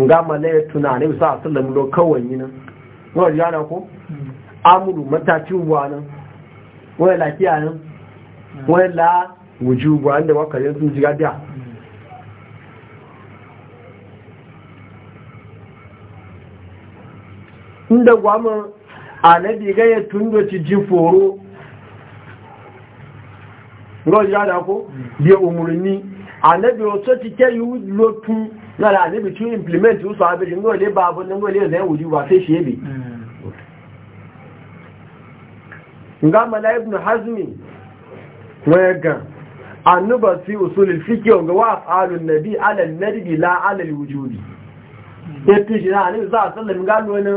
nga malaya tunane bisa a sallam lo kawai yi nan nawa yana ko amuru mataci ubuwa nan wani lafiya nan wani la wuji ubuwa inda waka yin sun jiga biya inda gwamma a na diga ya tundoci ji foro nawa jana ko biya umarni a na biya wasu cike yi lotun lára àníbi tí implement ó sọ abẹ́ṣe ní olè bá abọ́ ní ẹ̀zẹ̀ ìwòjú wà fẹ́ ṣe é bì hmm. nga mala hazmi wọ́n gan annuba sí usulul fiki ọ̀gá wà fàálù nàbí alal nadbi la alal wujudi hmm. ètò ìṣẹ̀lẹ̀ àníbi sáà sọ́lẹ̀ nga lónà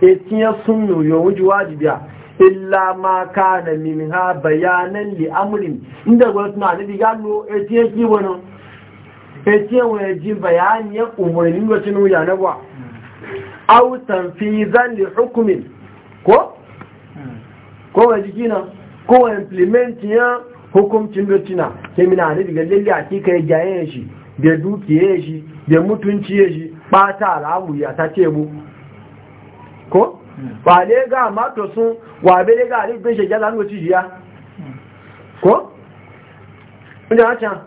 ètí yẹn illa ma kana ha bayanan li amrin inda gwamnati na àníbi gano ece wani ji bayani ya umarnin wacin wuya na ba autan fi zalli hukumin ko? ko wani jiki na ko wani implementin ya hukumcin dotina sai mina ne daga lalle a kika ya ya shi da dukiye shi da mutunci ya shi ta alamu ya ta ce mu ko? ba ne ga mato sun wabe ne ga alifin shagya zanuwa jiya? ko? ina can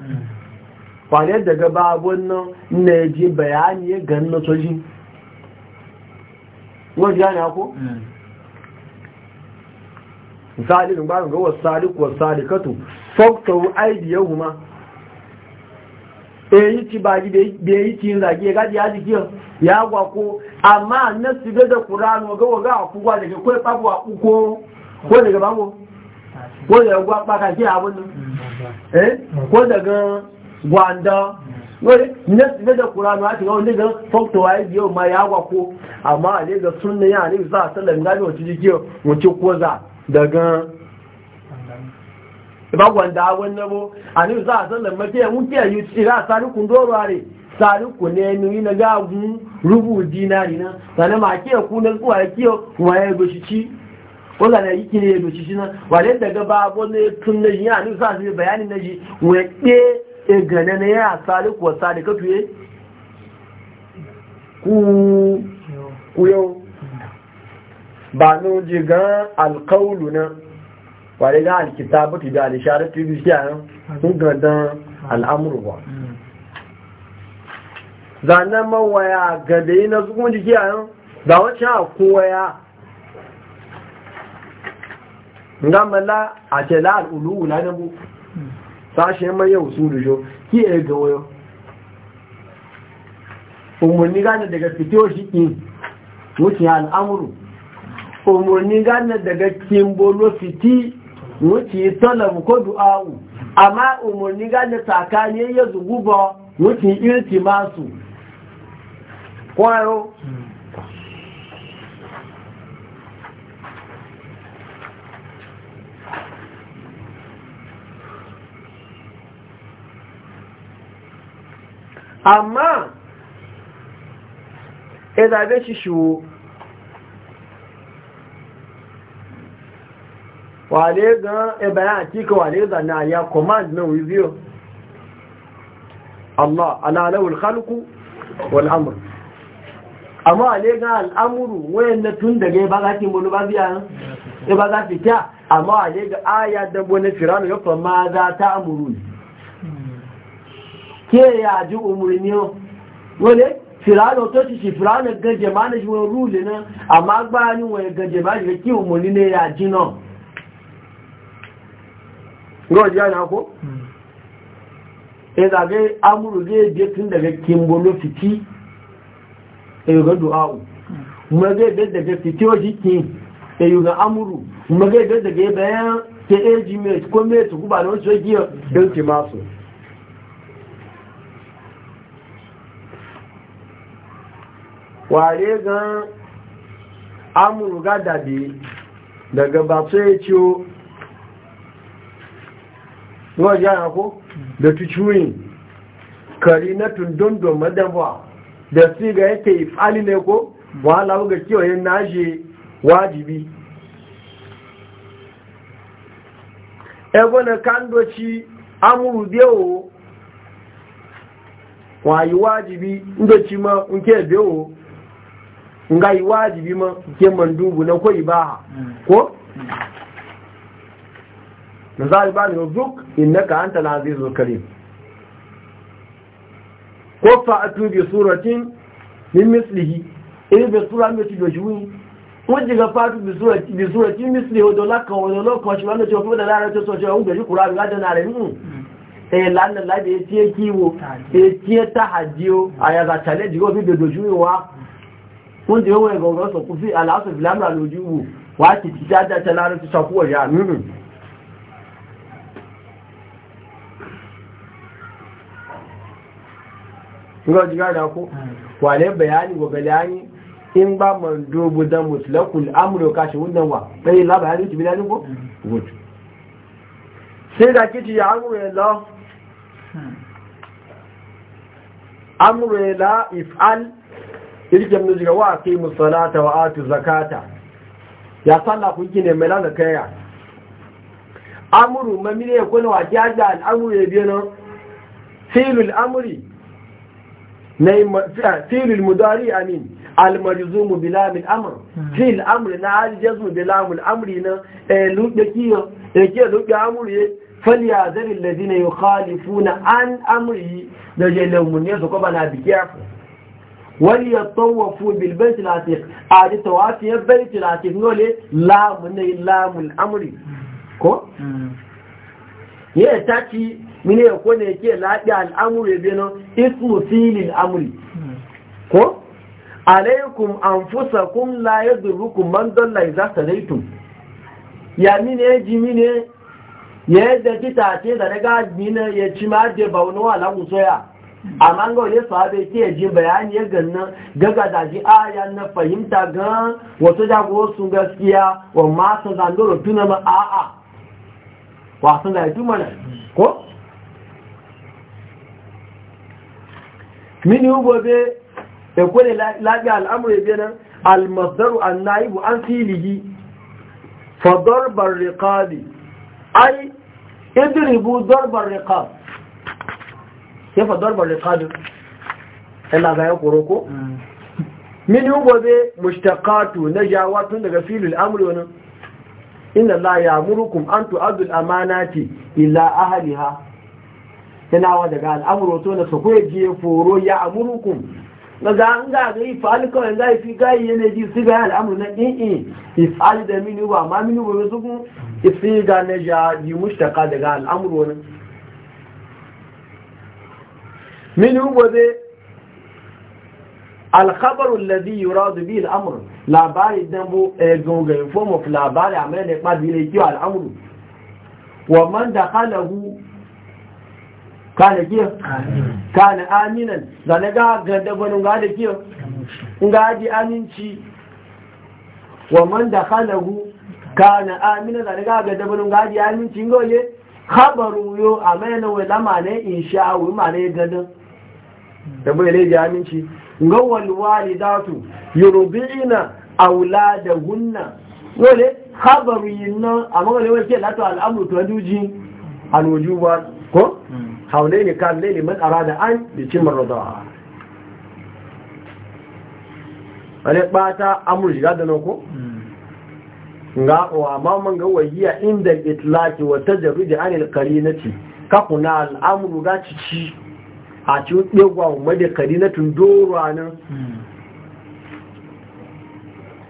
kwane daga babun nan na yaji bayani ya gan na soji wani gane ako? Hmm. misali ɗin bayan ga wasalik wasalikatu fauktaru aidiyar huma eyi ci baji da yi cin zage ya gaji ya jiki ya gwako amma na sibe da kuranu ga waga a kugwa daga kwai babu a kuko ko daga babu ko daga gwakpa kake abin nan hmm. eh ko daga gwanda wani nasibin da kuranu a cikin wani gan fokta ya biyo ma ya wako amma a ne ga sunna ya ne za a sallar gani wacce jikin wacce ko koza daga ba gwanda wani nabo a ne za a sallar mafiya wuce a yi tsira sarikun doruwa ne sarikun ne nuni na gagun rubu dinari na sannan ma ke ku na zuwa ya ke wa ya gushi ci wanda na yiki ne ya gushi ci na daga babu ne tun na yi a ne za a bayani na ji wani e gane na ya saliku wa salika tuye ku yau ba no ji gan alkaulu na wale ga alkitabatu da alisharatu bi shi an sun gadan al'amuru ba zanen mawaya yi na su kuma jiki a yau da wacce a kowaya ngamala a ce la al'ulu wula na bu sashen manyan usulu jo ki e ga wayo umarni gane daga fito shi ki wuce al'amuru umarni gane daga kimbolo fiti wuce talabu ko du'a'u amma umarni gane tsakani ya zuguba wuce irtimasu kwayo amma ya zabe shi shiwo wale gan ebayan akika wale zana ya command na wiziyo Allah alalawul khalqu wal amr amma wale gan al'amuru na tun daga ba za ki mulu ba biya ba za kya amma wale ga aya da na firanu ya fa ma za ta amuru ke èyà àjú òmùrì ní ọ wọ́n lé fìránà tó ti ṣì fìránà gẹjẹ̀ máa ní ṣe wọ́n rúùlé náà àmá gbá níwọ̀n gẹjẹ̀ máa ṣe kí òmùrì ní èyà àjí náà rọ́ọ̀dí àyàkó ìdàgé amúrù lé èdè tún dẹ̀gẹ̀ kí n bolo fìtí èròdò áwù mọ́gẹ́ ìdẹ́ dẹ̀gẹ̀ fìtí ó sì kí èyùgà amúrù mọ́gẹ́ ìdẹ́ dẹ̀gẹ̀ bẹ́ẹ̀ tẹ́ éjì mẹ́ẹ̀tì kó mẹ́ẹ̀tì kúbà ní ó ṣe jí ẹ̀ ware gan ga dade daga batu ya ciwo o yana ko da tuciwin kari na tundun domin dabuwa da su ga yake ifali ne ko wahala ga kiwayen nashi wajibi ebe na kandoci amuru biyo wayi wajibi ndoci ma nke biyo nga yi wajibi ma ke man na koyi ba ha ko na zai ba ni duk in naka anta la azizu karim ko fa atu bi suratin min mislihi in bi sura mai ti doji wi ko ji ga fa atu bi suratin bi suratin mislihi o dola ka o dola ko shi wanda ce ko da lara ta so ce o gari qur'an ga da na re mu eh lan la de ti e ki wo e ti e ta hajio aya ga challenge go bi doji wi wa Kun ti wọ́n ẹ̀gọ̀ngọ̀ sọ kú sí aláàsọ̀ ìfìlámà lójú wò wá ti ti dájá tẹ́lárú ti sọ kúwọ̀ yá nínú rọ́jú rárá kú wà bayani wà bayani in ba man dogo dan mutlaqul amru ka shi wa sai la bayani ti bilani ko good sai da kici ya ya la la if'al irkem na jiga wa fi musalata wa ati zakata ya sallah kun ne mai lana kaya amuru mamire ya kuna wa jaja al'amuru ya biyo nan filul amuri na eh, filul mudari amin almarzumu bila min amr hmm. fil amri na aljazmu bila min amri na eh, lubbe kiyo eh, ya ke lubbe amuri falyazari Khalifu na an amri da jalamun ne su ko bana bi careful وليطوفوا بالبيت العتيق عادي طواف البيت العتيق نقول لام لام الامر كو يا تاتي من يكون يكي لا دي الامر بينه اسم فيل الامر كو عليكم انفسكم لا يضركم من ضل اذا سديتم يا مين يجي مين يا دتي تاتي ده da daga gina ya ci ma da baunuwa amma ga wani sahabe ke ji bayani ya ganna gaga da ji aya na fahimta ga wasu go sun gaskiya wa masu zandoro tuna ma a'a wasan da tuma ne ko? mini gobe da e kwale lafiya al'amur ya al almasdaru an naibu an filihi fa darbar riqabi ai idribu darbar riqabi sai fa darbar riqabi ina ga ya koro ko mm. min yugo be mushtaqatu najawatun daga filin amri ina la ya ya'murukum an tu'addu al-amanati ila ahliha yana wa daga al'amuru to na sako ya je foro ya amurukum ga ga ga ga ifal kawai ga fi gayi yana ji su ga al'amuru na ɗin'i in ifal da mini ba ma mini ba su kun ifi ga na ja ji mushtaqa daga al'amuru min gobe alkhabaru alladhi yuradu bihi al-amr labari dan bu gonga in form of labari amma ne pa dire wa man dakhalahu kana kiyo kana aminan da ne ga ganda banu ga da kiyo aminci wa man dakhalahu kana aminan da ne ga ganda banu ga ji aminci ngoye khabaru yo amma ne wa lamane insha Allah da bai lai jaminci gawal walidatu yurbi'ina auladahunna wale khabari nan. amma wale wake lato al'amru to duji alwujuba ko hmm. haulai ne kan lai man arada an bi cimma rada'a ale bata amru shiga da ko hmm. nga wa mamman ga wajiya inda itlaki wa tajarrudi anil qarinati kakuna al'amru ga ci. a ci ɗegwa umar da karinatun doro nan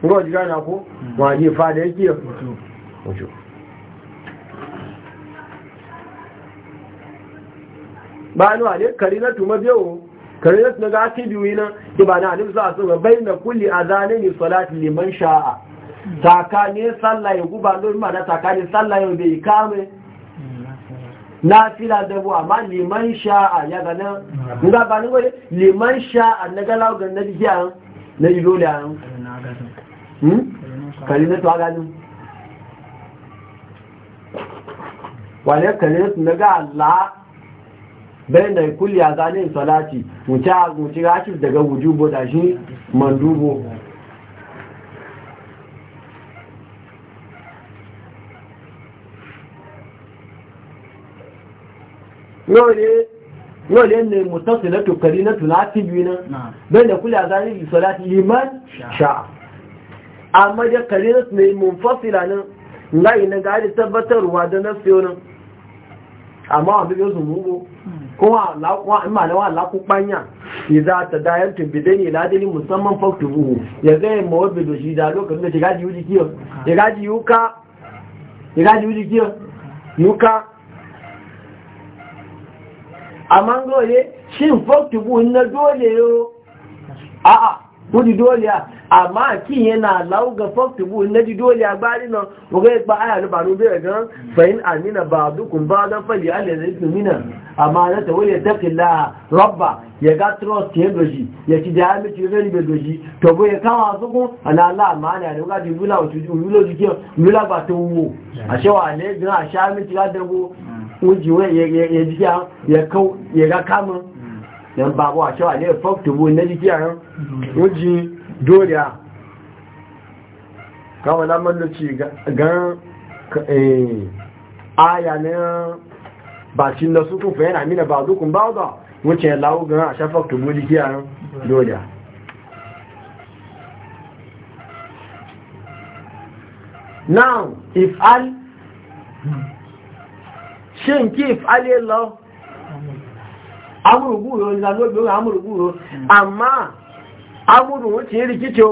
ruwa jira na ko waje fada yake fito ba ni na tuma biyu Kari na gafi biyu nan ki ba na alif za a tsoro bai na kulle a zane ne salati liman sha'a hmm. tsakanin sallah ya guba lori ma na tsakanin sallah ya bai kame na fila da bu amma liman sha'a ya gana nga ba ni wani liman sha'a na galawa ga na biya na yi dole a yan hmm? kalimatu a ganin wane kalimatu na ga Allah bayan da kulli a zane salati wuce a wuce gashi daga wujubo da shi mandubo yole ne mutasi na tukari na tunati biyu nan bai da kula zane bi salati liman sha amma da kare na tunai munfasila nan layi na gari tabbatarwa da na fiyo nan amma wanda bai su mugu kuma malawa lakukpanya iza ta dayan tumbide ne ladini musamman faktubuhu ya zai mawar bido shi da lokacin da shiga jiyu jikiyo shiga jiyu ka shiga jiyu yuka amma dole shin faktubu na dole yo a'a kudi dole ya amma kin yana lauga faktubu na di dole ya bari nan muga ba aya da ba rubiya gan fa in amina ba'dukum ba'dan fali allazi yu'mina amma la tawalla taqilla rabba ya ga trust ya doji ya ci da mi ci gani be doji to boye kawa su ko ana Allah ma ne da ga di bula wuci bula ji ke bula ba to wo a shawa ne ga sha mi ci ga dago wuji ya ji ya kau ya ga kama yan babu a cewa ne faktubu na jiki a yan wuji doriya kawo lamar da ci gan eh, aya na bacin da su kufa yana mina ba dukun ba da wuce ya lawo gan a shafar tubu jiki a yan doriya now if al ṣe n kí ìfàlẹ̀ lọ amúrùgbúrò ìlànàgbòrò amúrùgbúrò àmá amúrùn ti rí kíkò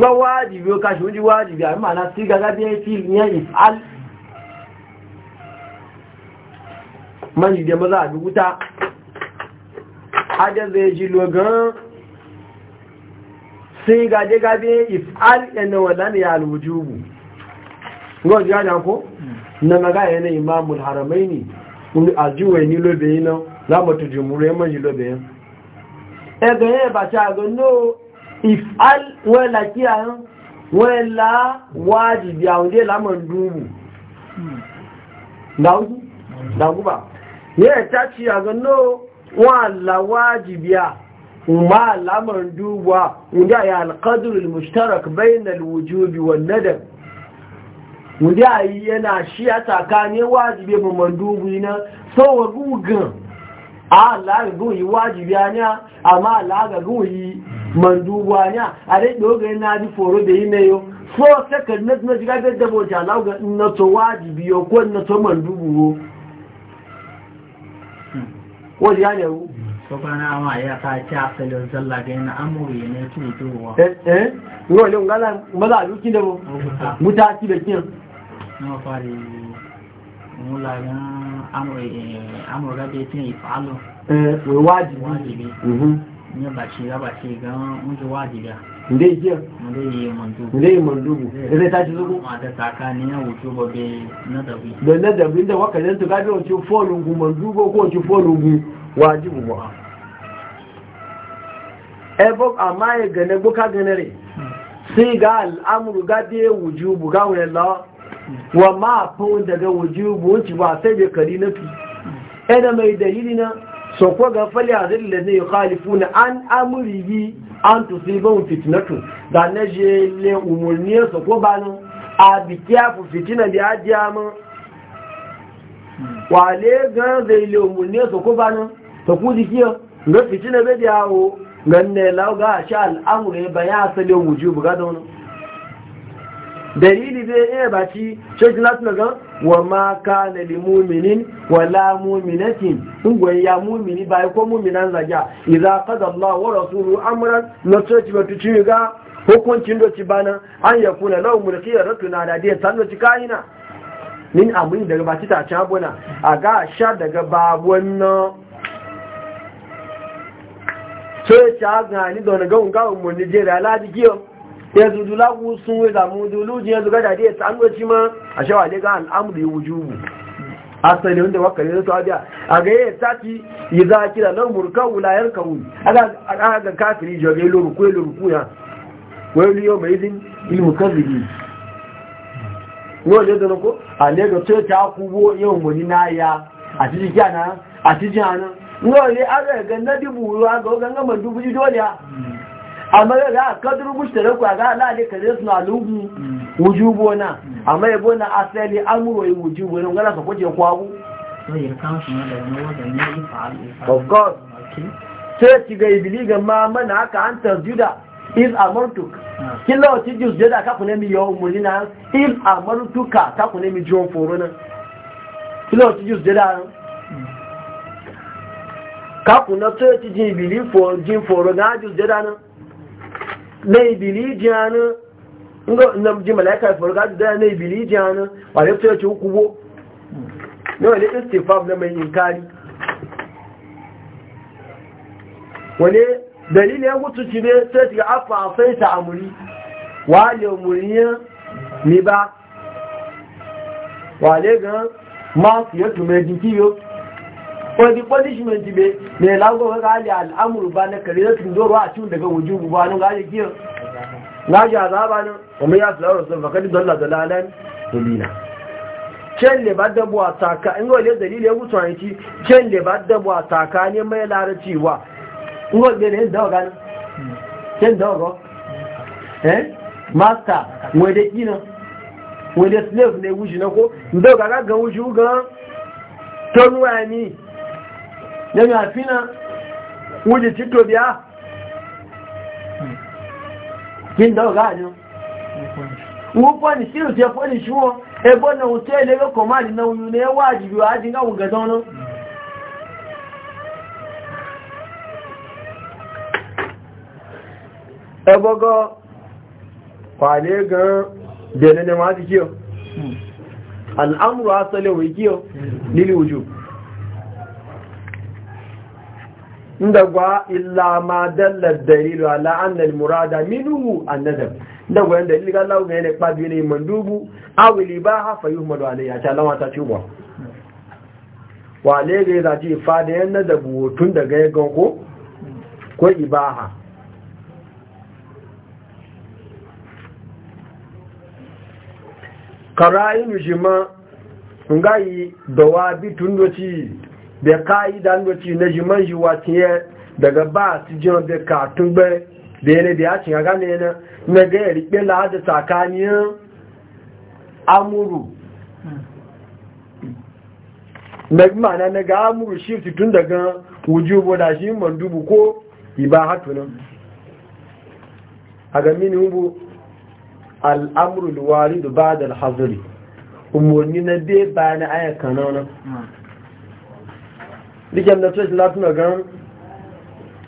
wọ́n wáàdìbí ó kàṣù ó jí wáàdìbí àmì màá sí gaga bí ẹ fi yẹn mọ́jìdẹ̀ mọ́lá gan na magaya na imamul haramai ne a juwai ni lobe yi na za mu tu jimuru ya manji lobe yin ẹgbẹ̀ yẹn bá ṣe àgbẹ̀ no if al wọ́n la kí a ń wọ́n la wájìdì àwọn jẹ́ lámọ̀ dúrù dágúbà yẹn ta ṣe àgbẹ̀ no wọ́n la wájìdì à ma lamar dubuwa inda ya alƙadurin mushtarak bayan alwujubi wa nadar wanda a yi yana shi a tsakanin wajibi ba mandubi na sauwa gugan a lagagun yi wajibi anya amma lagagun yi mandubu anya a dogayen na ji foro da yi na yau so saka na shiga da ta lauga na to wajibi yau ko na to mandubu ko wajen ya ne wu sọ́kànlá àwọn àyàká tí a fẹ́lẹ̀ ọ̀zọ́lágẹ́ ní amúrù yìí ní tí sun fari mula yan amurka da tun ifalo eh wajibi ne ba shi ba shi ga mutu wajibi nde jiya nde yi mandubu zai ta ci zugu ma da tsakanin ya wuce babe na dabi da na dabi da wakalin tu gabi wace folungu mandubu ko wace folungu wajibu ba ebo amma ya gane buka ganare sai ga al'amuru gabi ya wujubu ga wani lawa wa ma fun daga wujubu wuce ba sai da kari na fi ɗana mai dalili na so ko ga fali a zai lalzai ya khalifu na an amuriyi an tusiban fitinatu da na je le umarni so ko ba nan a bikiya fi fitina da ya ji amin wale gan zai le umarni so ko ba nan so ku jikiya ga fitina bai da yawo ganne lauga a sha al'amuri ba ya asali wujubu ga da wani dalili zai iya eh, baci shekin lati daga wa ma ka na limuminin wa la muminatin ya mumini ba ko muminan zaga iza kada Allah wa rasulu amuran na coci batu ciye ga hukuncin doci bana an ya kuna lau mulkiyar na da dai san doci kayina min amin daga baci ta cabuna a ga sha daga babuwan nan soci a gani da wani gawun gawun mun Nigeria ladi giyo yanzu dula sun wai zamu dulu jin yanzu gada da ya tsano ci ma a shawa ne ga al'amuri wujubu asali wanda wakar yanzu to abiya a ga ya tafi yi za a kira nan murka wulayar kawun aka ga kafiri jogai loruku ya loruku ya wani yau mai zin ilmu ko a ne ga to ta kubo yau muni na ya a a aga ga ga amma da za a kadiru mushtara ku ga Allah ne kaje suna lugu mm. wujubu na mm. amma yabo na asali amuro yi wujubu na ngala ka koje ku abu of course sai ki ga ibili ga ma mana haka an tarjuda is amartuk ah. kila wata jus jeda ka kuna mi yawon mulina iz amartuka ka kuna mi jiwon foro nan kila wata jus jeda mm. ka kuna sai ti jin ibili jin foro na jus jeda nan na ibili jiyanu inda na ji malaika farga da na ibili jiyanu a da fito ya ce hukubo na wani istifam na mai inkari wani dalilin ya mutu ci ne sai shiga afa a sai ta amuri wale muriya ne ba wale ga masu yadda mai jikiyo ko punishment be me lago ga ali al'amru ba na kare da tun doro a cikin daga wujubu ba nan ga ji na ji azaba nan kuma ya tsara ba kadi dalla dalalan dalila ken le ba da buwa taka in wale dalili ya gutu an ci ken le ba da buwa taka ne mai larabci wa in wale ne da ga ken da ga eh master wede kina wani slave ne wuji na ko ndo ga ga wuji ga tonu ani yẹn àfínà wọ́n jẹ títò bí á kí ń dọ́gá àjọ wọ́n pọ́nì sí ìrùsẹ̀ Ebo ṣúwọ́ wuce lebe tó ẹlẹ́gbẹ́ na náà yìí ní ẹwà àjìbì àjíǹgáwò ga náà ẹgbọ́gọ́ pàdé gan bẹ̀rẹ̀ ni wọ́n á ti kí al'amuru asalẹ̀ wọ́n kí ọ nílùú inda gwa illa ma dallar dalilu ala da murada minhu annadab da gwa da iliga lawo ga ne kwabi ne mandubu awili ba ha fa do alayya ta lawa ta ciwa wa ne ga da ji fa da yan nadabu tun daga ya ko ko ibaha qara'in jima ngai dawabi tun doci da ka'ida lokaci na manji wa tiye daga ba su jiran da katun bai da yana da ya a gane yana na ga ya riƙe la'ada tsakaniyar amuru na mana na ga amuru shifti tun daga wujubo da shi mandubu ko iba nan a ga mini hubu al'amuru luwari da ba da alhazari umarni na dai bayan ayyakan nan hmm. rikin da tsoci latin gan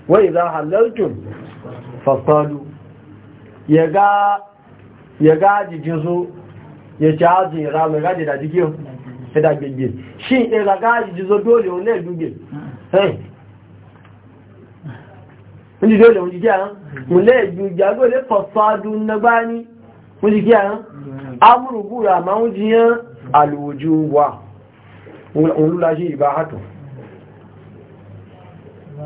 wai za halartun fasalu ya ga jikin su ya ci hajji ramu ya gaji da jikin ya da gbegbe shi in raga jiji zo dole wani ya dubbe wọ́n dole wọ́n jíjẹ́ àwọn múlẹ̀ ìgbìyà ló lè fọ̀fàádù nagbá ní wọ́n jíjẹ́ àwọn amúrùgbùrà máa ń jíyàn alùwòjú wà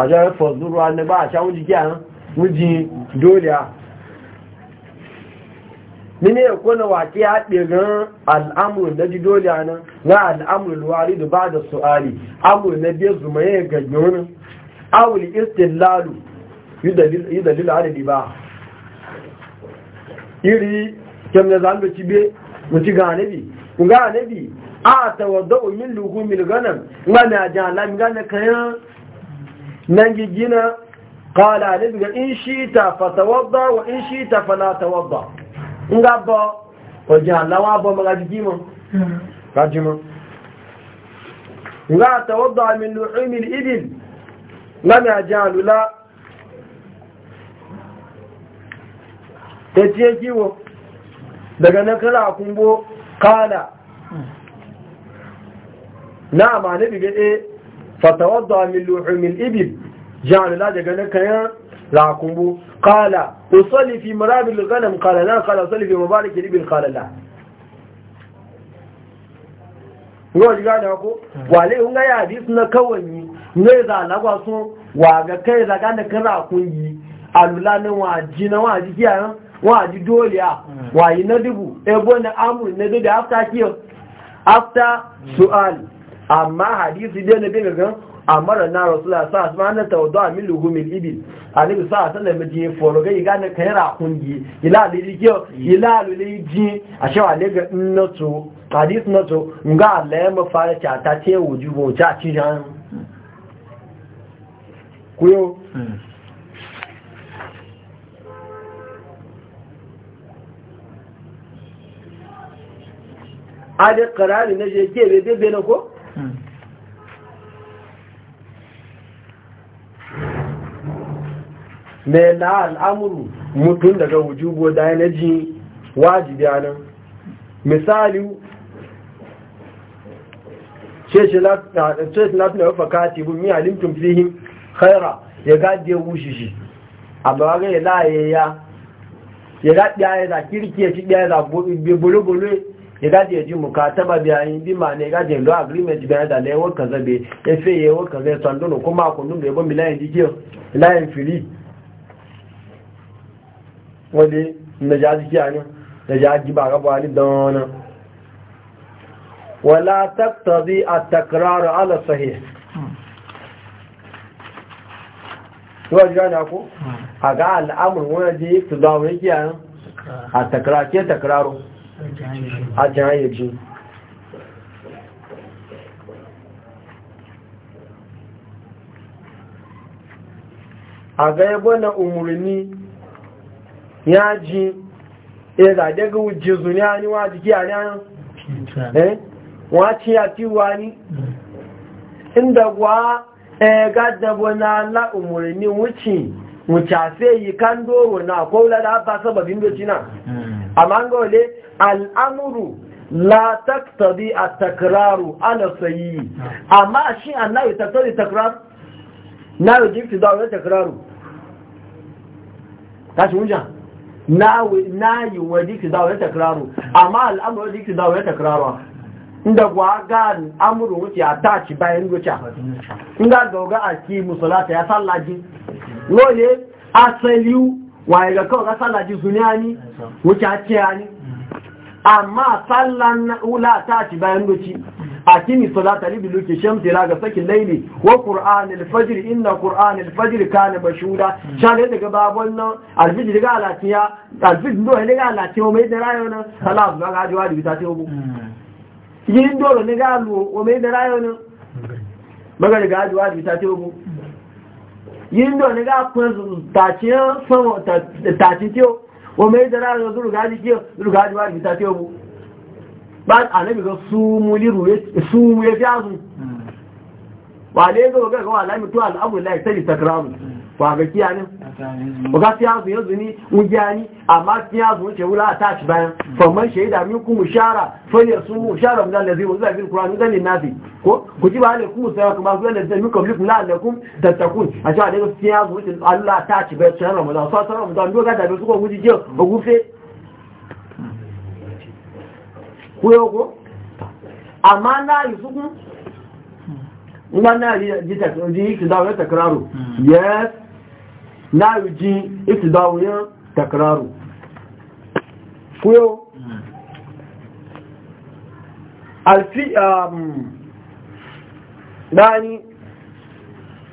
àṣà fọ̀dúrú anẹbá àṣà wọ́n jí kí dóòlìá nínú ẹ̀kọ́ na wà kí a pè rán al'amuru na jí dóòlìá na rán da ba da su'ari Amur na biyar zumaye gajiyonin awul istilalu yi dalila ba iri kem na zan da a tawadda umin lukumin ganan ngana lamin gane kayan nan gigina kala alif ga in shi ta fatawadda wa in shi ta fala tawadda in ga ba wajen allawa ba ma gaji gima gaji ma ga tawadda min lu'umil idil lana jalula ta ce kiwo daga na kala kumbo kala na ma nabi ga e fatawadda min lu'umil ibil. جعل الله na كيان لعكم قال أصلي في مرابل الغنم قال لا قال أصلي في مبارك الإبل قال لا yau ji gane ko wale hun ga yadi na kawai ne za lagwa sun wa kai za ga da kara kungi alula ne wa ji na wa ji kiya dole a wa na dubu ebo na amur na dubu after kiyo after su'al amma hadisi dai na bi gan? amara na rasula sa asma na tawdo amilu gumil ibil ani sa san da miji foro ga iga na kai ra kungi ila liliki ila liliji a cewa le ga nato hadith nato nga Allah ya mafara ta ta ce wujubo ta ci jan kuyo Ade karari na je ke bebe na ko? mai na al'amuru mutum daga wujubo da yanaji wajibi a nan misali ce latin da wafa kati bu mi alimtum fihim khaira ya gajiye wushi shi a bawaga ya laye ya ya gaɗi ya za kirki shi ɗaya za bolo-bolo ya gajiye ji mukataba biyayin bi ma ne gajiye lo agreement biyayin da laiwar kaza bai ya fiye yawar kaza ya sanduna kuma kundin da ya bambi layin jikiyar layin fili wani na ja jiki a nan na ja ji ba gaba ni don nan wala tattazi a takraru ala sahih yau ji gane ku a ga al'amur wani ji su zaune yake a nan a takraru ke takraru a jihar ji a ga yabo na umarni ya ji ya eh, zade ga wujin a ni wa jiki a nan eh wa ci ya ti wa ni inda gwa eh, ga dabo na la umurni wuci wucafe yi kan doro na ko la da ba sababin doci na hmm. amma ga wale al'amuru la taktabi a takraru ana sayi hmm. amma shi annabi taktabi takraru na yi jifti da wani takraru ta shi wujan na yi wa diki zawo ya takraro amma al'amuru diki zawo ya takraro inda kuwa ga amuru wuce a taci bayan wuce inda gauga a ki musulata ya sallaji lole asali waye ga kawai ga sallaji zuniya ni wuce a ciya ni amma sallan ula taci bayan wuce akimi salata li biluki shamsi la ga sakin laili wa qur'an al-fajr inna qur'an al-fajr kana bashuda shale daga babon nan alfijir ga alatiya alfijir ndo hele ga alatiya mai da rayo nan salat ga ga jiwa da ta bu yin dole ne ga lu mai da rayo nan magari ga jiwa da ta bu yin dole ga kun taciyan san taciyo wa mai da rayo zuru ga jiwa da ta bu ba annabi ga su muli ya su mu ya fiyazu ba ne ga ga wa lami to al'amu lai sai takramu ba ga kiyanin ba ga fiyazu yanzu ni mujani amma fiyazu wuce wula ta ci bayan famman shaida min ku mushara fanya su mushara min allazi wa zabil qur'an dan nafi ko ku ji ba ne ku sai ku ba ku da min kablikum la allakum tatakun a cewa ne fiyazu wuce Allah ta ci bayan sai Ramadan sai Ramadan doga da su ko guji je ba gufe kuyoko amma na yi sukun ina na ji ikidawo ya takraru hmm. yes na yi ji ikidawo ya takraru kuyo hmm. alfi dani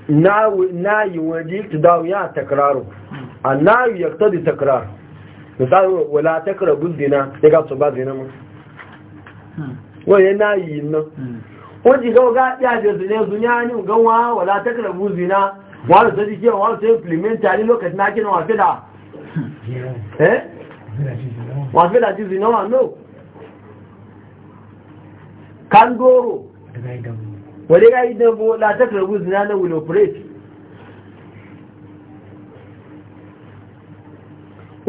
um, na yi waje ikidawo ya takraru hmm. a na yi ya yaktadi takraru misali wala takrabu zina ya gabata ba zina mu wọ́n yẹn yi yìí ná hmm. wọ́n ti gọ́gá yàjẹ̀ sí lẹ́sù ní àní ìgánwà wà látẹ́kẹ̀rẹ̀ bú zina wọ́n lọ sọ́jí kíyàn wọ́n lọ sọ́ implementa ní lókẹ̀tí náà kí hmm. wọ́n fẹ́dà wọ́n fẹ́dà jí zina wà náà kangoro wọ́n dẹ́gá ìdánbó látẹ́kẹ̀rẹ̀ bú zina náà will operate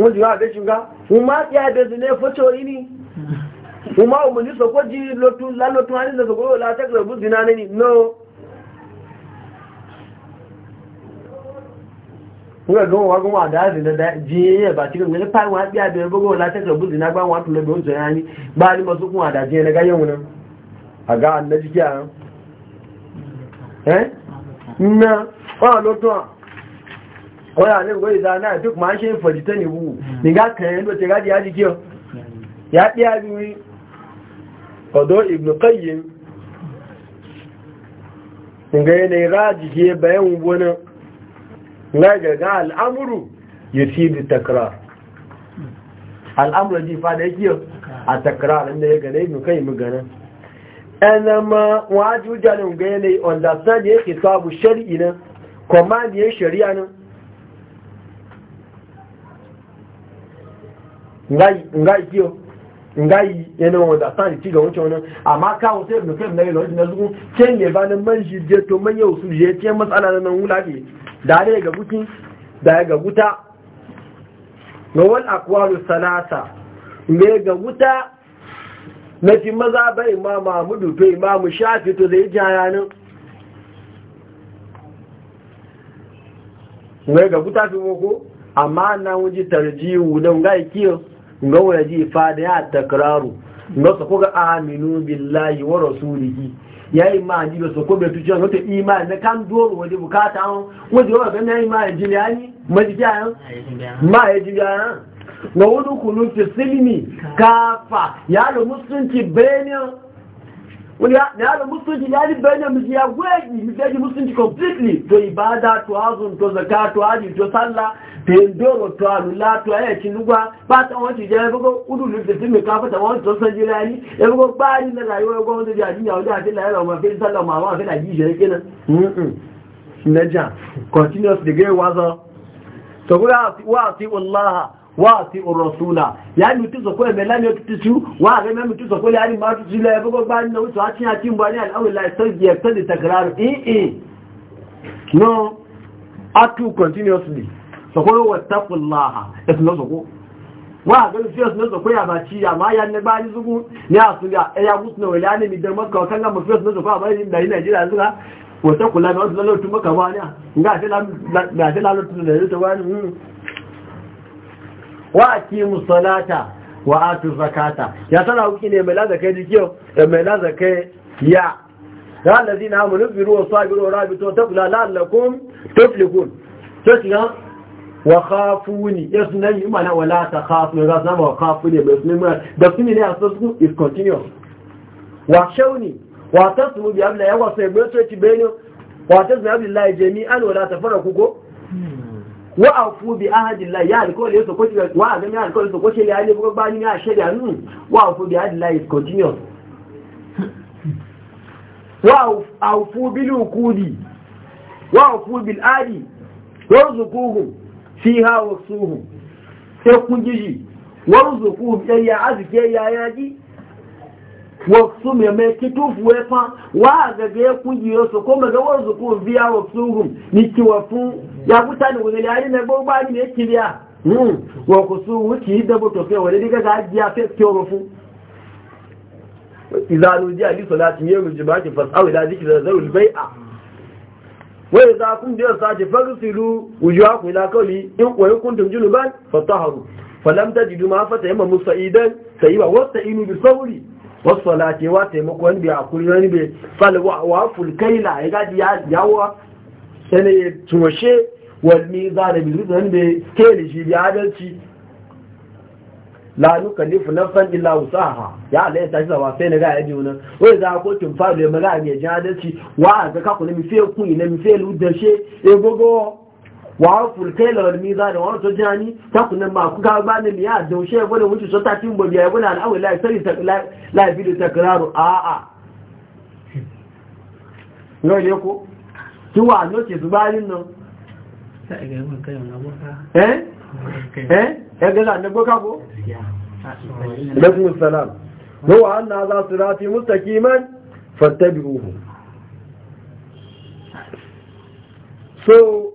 Wani ti wá àbẹ́ṣùgá kuma má kí àbẹ́sù ni hmm. kuma umarni soko ji lalotun hannun da soko la ta karbu na ne no nígbà gan wọ́n gún wọ́n àdáàzì lọ́dá jíyẹ́ bá tí gbogbo pa wọ́n bí àbẹ̀ gbogbo látẹ́kẹ̀ bú zina gbá wọ́n tún lọ́gbẹ̀ oúnjẹ ya ní bá ní mọ́ sókún àdájí a gáyẹ̀ wọn àgá ànájí kí àrùn ẹ́ ná wọ́n ló tún ọ̀rọ̀ àlẹ́gbẹ̀ẹ́ náà tó kùn ṣe ìfọ̀jítẹ́ nìwú nígbà kẹrin ló ti rádìí ọ̀dọ́ ìgbùnkayyin ga yanayi rajiye bayan wani ga al'amuru ya fi da takara al'amuru ji fada yake kiyo a takara inda ya gane ìgbùnkayyin gane ẹna ma wọ́n ajújalin ga yanayi understand ya ke sabu shari'i nan command ya shari'a na nga ikiyo ngayi yanayin wanda ta ji ga wancan wani amma kawo sai ibn kayyim na yi lawajin na zuku can ne ba na man shi je to man yau su je ce matsala na nan wula ne da ne ga guti da ga guta na wal aqwalu salasa me ga guta na fi maza ba imam Muhammadu to mu Shafi to zai jaya nan ne ga guta fi moko amma na wuji tarjihu don ga kiyo ga waje fada ya takraru ga su kuga aminu billahi wa rasulihi ya imani ba su kuma tuci wata imani na kan doro waje bukata an waje wa ga na imani ya yani? ma ya Ma ya ya na wudu kunu fi silmi kafa ya da musulunci benin na musulunci ya ji bayan musu ya gwaji musulunci musulunci completely to ibada to azun to zaka to haji to sallah to indoro to alula to ayyaci lugwa ba ta wancin jẹ́ ẹgbogbo udu lùfẹ̀sí mi ká fẹ́ta wọ́n tó sọ́jú láyé ẹgbogbo gbáyé lẹ́nà àyíwọ́ ẹgbogbo ọmọdé bí àjíyàn ọjọ́ àti láyé ọmọ fẹ́ sálọ màmá àfẹ́ nàìjí ìṣẹ̀lẹ̀ kéna nẹjà continuous degree wazọ tọ́gbọ́n wà sí wọ́n wa ti rasula ya ni tu so ko e la ni tu wa ga ni tu ya ni ma tu la e go ba ni no so ati ati mbo ni al awla la saji ya tadi takrar e e no continuously so ko wa taqullah e no wa ga ni fios no so ya ba ci ya ma ya ne ba ni zugu ni asu ya e ya gusu no ya ni mi da makka kan ga mu fios no so ko ba ni da ni Nigeria zuga wa taqullah no so lo tu makka ba ni ga se la ga se la lo tu da yo to ba ni hmm. wa aqimu salata wa atu zakata ya tana huki ne mai lazaka ji da eh, mai lazaka ya ya na amanu bi ruwa sabiru lalakun ta flikun ta shi na wa ya suna yi mana lata ta ne za nama wa ne mai sunan da su ne a sosu is continuous wa ne wa mu biya abla ya wasa bi soci bayno wa tasmu billahi jami'an lata fara kuko wa afu bi ahadillahi ya alkawali ya sokoci wa azami ya alkawali sokoci ya ne buga bani ya shirya nun wa afu bi ahadillahi is continuous wa afu bil ukudi wa afu bil adi warzuquhum fiha wasuhum sai kun jiji warzuquhum ya ya azke ya yaji wasu mai mai kitufu wefa wa ga gaga ya kuji yosu ko ga wasu ko biya wa suhum ni kiwafu ya kuta da wani yari na gbogbo ne ya kiriya wa ku su wuce da bu tofe wani diga ga ajiya fe kyorufu izanu ji ali salatin yau mu jima'atin fasau ila zikira zarul bai'a wa idza kun da sati fagsilu wujuhakum ila qawli in wa kuntum junuban fatahharu falam tajidu ma fatayamma musaidan sayiba wasta'inu bisawri wasu salati wa taimako wani a akuri wani bai falwa wa la ya gaji yawa sai ya toshe wani za da bizu wani bai kele shi ya adalci la nukallifu nafsan illa wusaha ya Allah ya tashi zawa sai na ga biyu wannan wai za a kotun falo ya maga mai jadalci wa ga ka ku ne mi fe ku ne mi fe lu da she e gogo wa fulkai lawar miza da wani jani ta kunan ma kuka ba ne miya da ushe ya gwada wuce sota ta bobi ya gwada al'awai laifin laifin da takararu a'a yau ne ko tí wà lókè tó bá rí náà ẹgbẹ́ ìgbẹ́gbẹ́gbọ́ lẹ́kùn salam ló wà náà za su ráti mustaki man fattabi so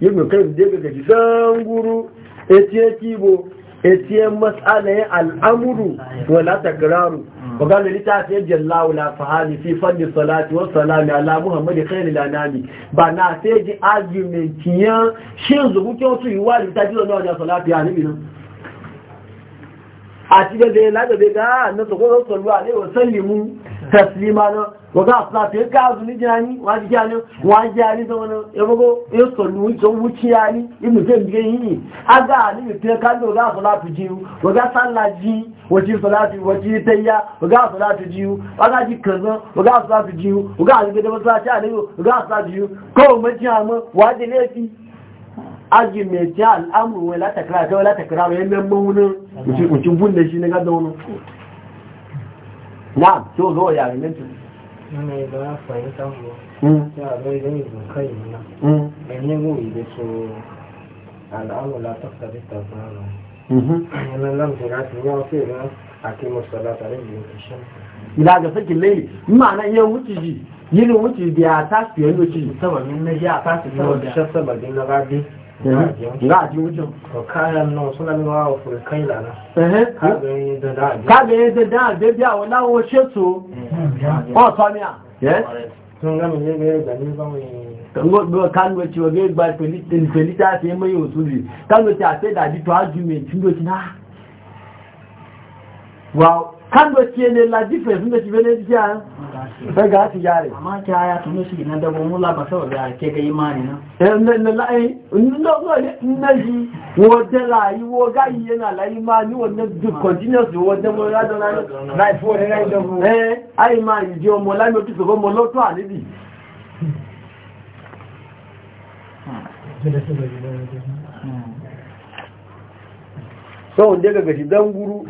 ibn kan je da gaji dan guru etiye kibo etiye mas'ala ya al'amuru wala takraru mm. wa kana li ta'ti jallahu la fahali fi fadli salati wa salami ala muhammad khairil anami ba na sai ji argument kiyan shin zubu kyautu yi wa li ta'ti jallahu la salati ya a cikin da ya lagabe ga na tsokonar tsoro a lewa sallimu taslima na waga a fulata ya kazu ni jani wani wani jani da wani ya bago ya tsoro wucin wuci ya ni ibi yi ne a ga a libi fiye kan da waga a fulata jiyu waga salla ji wace fulata wace tayya waga a fulata jiyu waga ji kaza waga a fulata jiyu waga a libi da masu a a lewa a jiyu kawai majiya ma laifi Aji ya al'amuru wai la takrar ta wai la takrar ya nan mauna mutu bun shi na ga dauna na so zo ya ya mm. kai mm. yi da so mm-hmm. da ga sakin laili ma'ana yan wuce shi yin wuce biya ta fiye da shi saboda na ji a kasu saboda shan saboda na nga ji wucin kayan nan suna nuna wa furkai lana kagayen da da mm. a bebiya wala wo sheto o samiya tun gami ne ga gani ne mai yi. kan wace wa gai ba felita ta yi mai osuri kan wace a sai da ji to ajiyar mai cin na wow kan da ne la difference da shi bane jiya sai ga ta yare amma ta ya tuno shi na da ba sai da ke ga imani na eh na na lai na zo ne na ji wanda lai wo ga la imani continuous wanda mo ra na na fo ne na eh ma ji o mo la mi ti so mo lo to ani bi so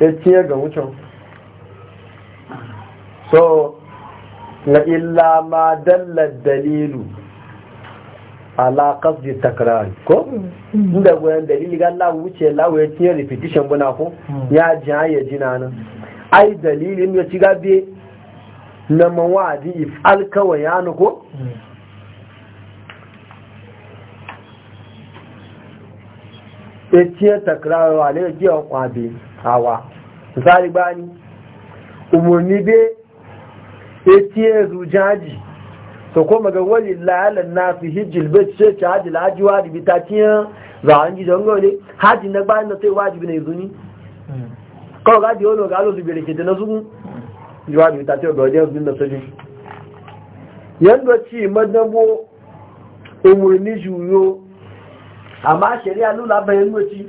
ya ciye ga wucin so na illa ma dalla dalilu ala kasdi takrari ko inda goyon dalili ga Allah wuce lawo ya ciye repetition buna ko ya ji ya jina nan ai dalilin ya ci gabe na mawadi if alkawa ya ko ya ciye takrari wa ne ya ji wa kwabe hawa misali bani umarni be etiye zujaji to kuma ga wani lalan nasu hijil bai ce ce haji laji wajibi ta kiyan za a ji jango ne haji na bayan da sai wajibi zuni kawai gaji wani ga alo su bere na zuni ji wajibi ta ce ga zuni da sojin yadda ci madabo umarni juyo amma shari'a lula bayan mutu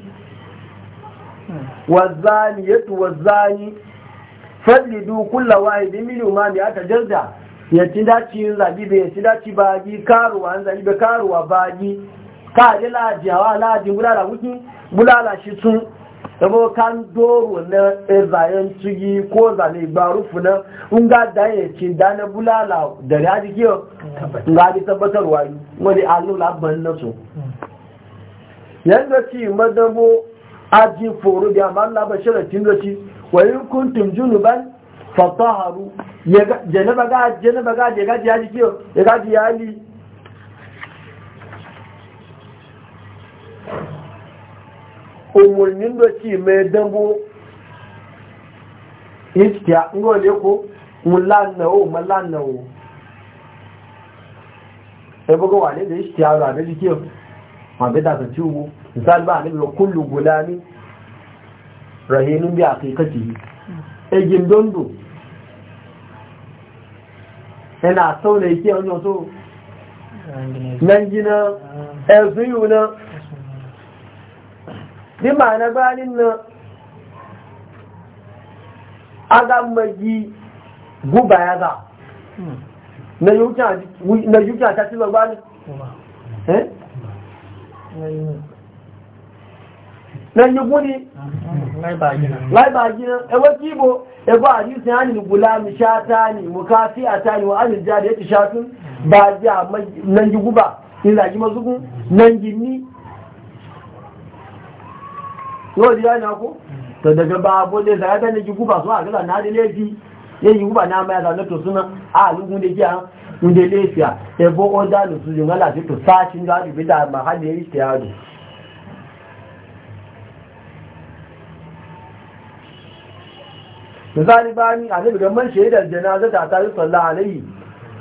wazaniyatu wazani fadlidu kulla wahidin minhu ma mi aka jarda ya ci daci yin zabi bai ya ci daci baji karuwa an zabi bai karuwa baji ka ji laji hawa laji bulala wuki bulala shi sun yabo kan doro na zayen tugi ko zane barufu na in ga da ya ci da na bulala da ya ji kiyo ga ji tabbatarwa wani la ban na so yadda ci madabo ajin foro da amma Allah ba sharatin da shi wa in kuntum junuban fataharu ya ga janaba ga gaji yaji kiyo ya gaji yali umurnin da ci mai dambo iskiya ngole ko mulanawo mulanawo sai buga wane da iskiya ra da kiyo mabida ci ciwo misali ba ne ga kullu gulami rahinun bi aqiqati egin dondo yana sauna yake wani wato nan gina ezuyu na ɗin ba na banin na adam guba ya za hmm. na yuka a ci ba banin lẹ́yìnkú ni láìbàájínà ẹwọ́ kí bó ẹgbọ́ a á nìlú gùlámi ṣáátá ní mọ̀ká sí àtàrí wọn á lè jẹ́ àdé ti ṣáátún bá jẹ́ lẹ́yìnkú bá ìlàjí mọ́sùkún lẹ́yìn ní yóò di ránà kú tó daga bá bóde zàyátá lẹ́yìnkú bá sọ àgbẹ́lá náà lẹ́yìnkú bá náà mẹ́ wunde lefiya ebo oda lusu yi ngala ti to sashin da bi da ma hali yi ti adu misali bani a nabi ga man shaidar janaza ta ta yi sallah alayhi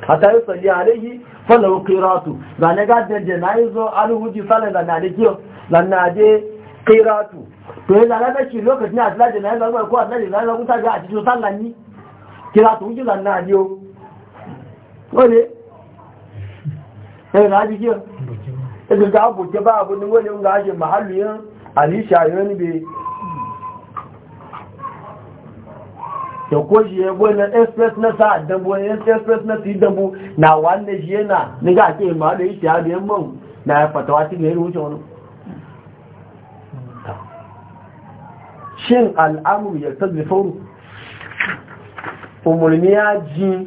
a ta yi sallah alayhi falau qiratu ga ne ga da janaizo alhuji sallah da na da kiyo dan na de qiratu to ya e da shi lokacin da sallah janaiza ko Allah da ga da ta ga a cikin sallah Kiratu qiratu ji dan na diyo wọ́lé ẹ̀rọ ajíkíọ́ ẹgbẹ̀ta àpòkẹ́ bá àbò ní wọ́lé ń gáṣe màálù yán àníṣà yán ya wani express na sa dambu wani express na su na shi yana ni ga ake ma'adu shi hadu yan man na ya fatawa cikin yadda wuce wani shin al'amur ya tazi umarni ya ji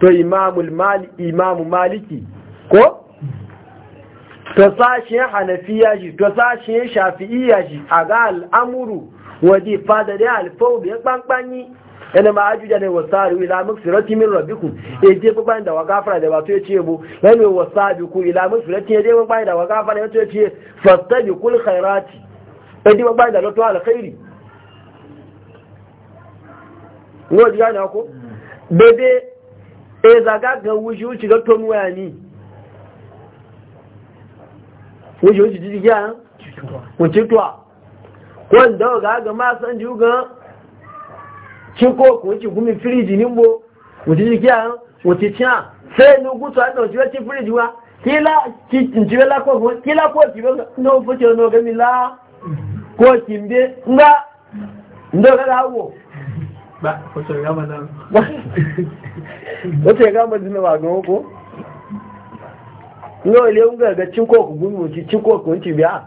to imamu maliki ko to sashen hanafiya shi to sashen shafi'iya shi a ga al'amuru waje fada da alfawar ya kpankpanyi yana ma ajuja ne wa sari ilamun maksirati min rabbikum e je ko da wa gafara da ba to ce bu yana wa ilamun ila e ya je ko da wa gafara yace yace kul khairati e je ko da lotu alkhairi ngo ji ana ko bebe e zaga ga wuji wuci ga tonu waya ni wuji wuci jiji gya wuci tuwa wanda ga ga ma san ju ga ciko ko ci gumi firiji ni mbo wuci jiji gya wuci tiya sai ni gutu an wuci wuci firiji wa kila ki njiwe la ko kila ko ki no fuce no ga mi la ko kimbe nga ndo ga hawo. ba ko gama nan wace gama ga ko ní ilé ń gẹ̀gẹ̀ tí kò gún mú ti tí kò kún ti bíá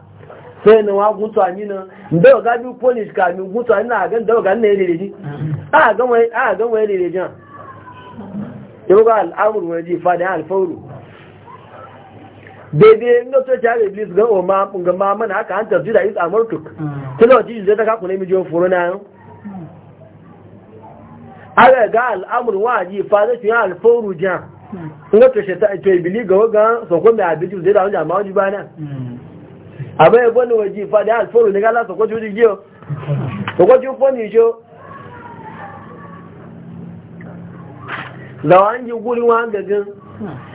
fẹ́ ni wọ́n gún tó àmì náà ǹdẹ́ ọ̀gá bí polish ká mi gún tó a náà àgẹ́ ǹdẹ́ ọ̀gá náà èrè jí àgẹ́wọ̀n èrè jàn ìrúkọ al'amur wọn jí fadà alfawru bèbè a rè bí gan ọmọ gan máa mọ́nà aka aga ga al'amur waji fa zai fiye alfauru jan nga to shi ta ibili ga wagan sokon mai abinci zai da wani jama'a waji bana hmm. abai wani waji fa da alfauru ne gala sokon juji giyo sokon juji foni Da wani guri wa gagin hmm.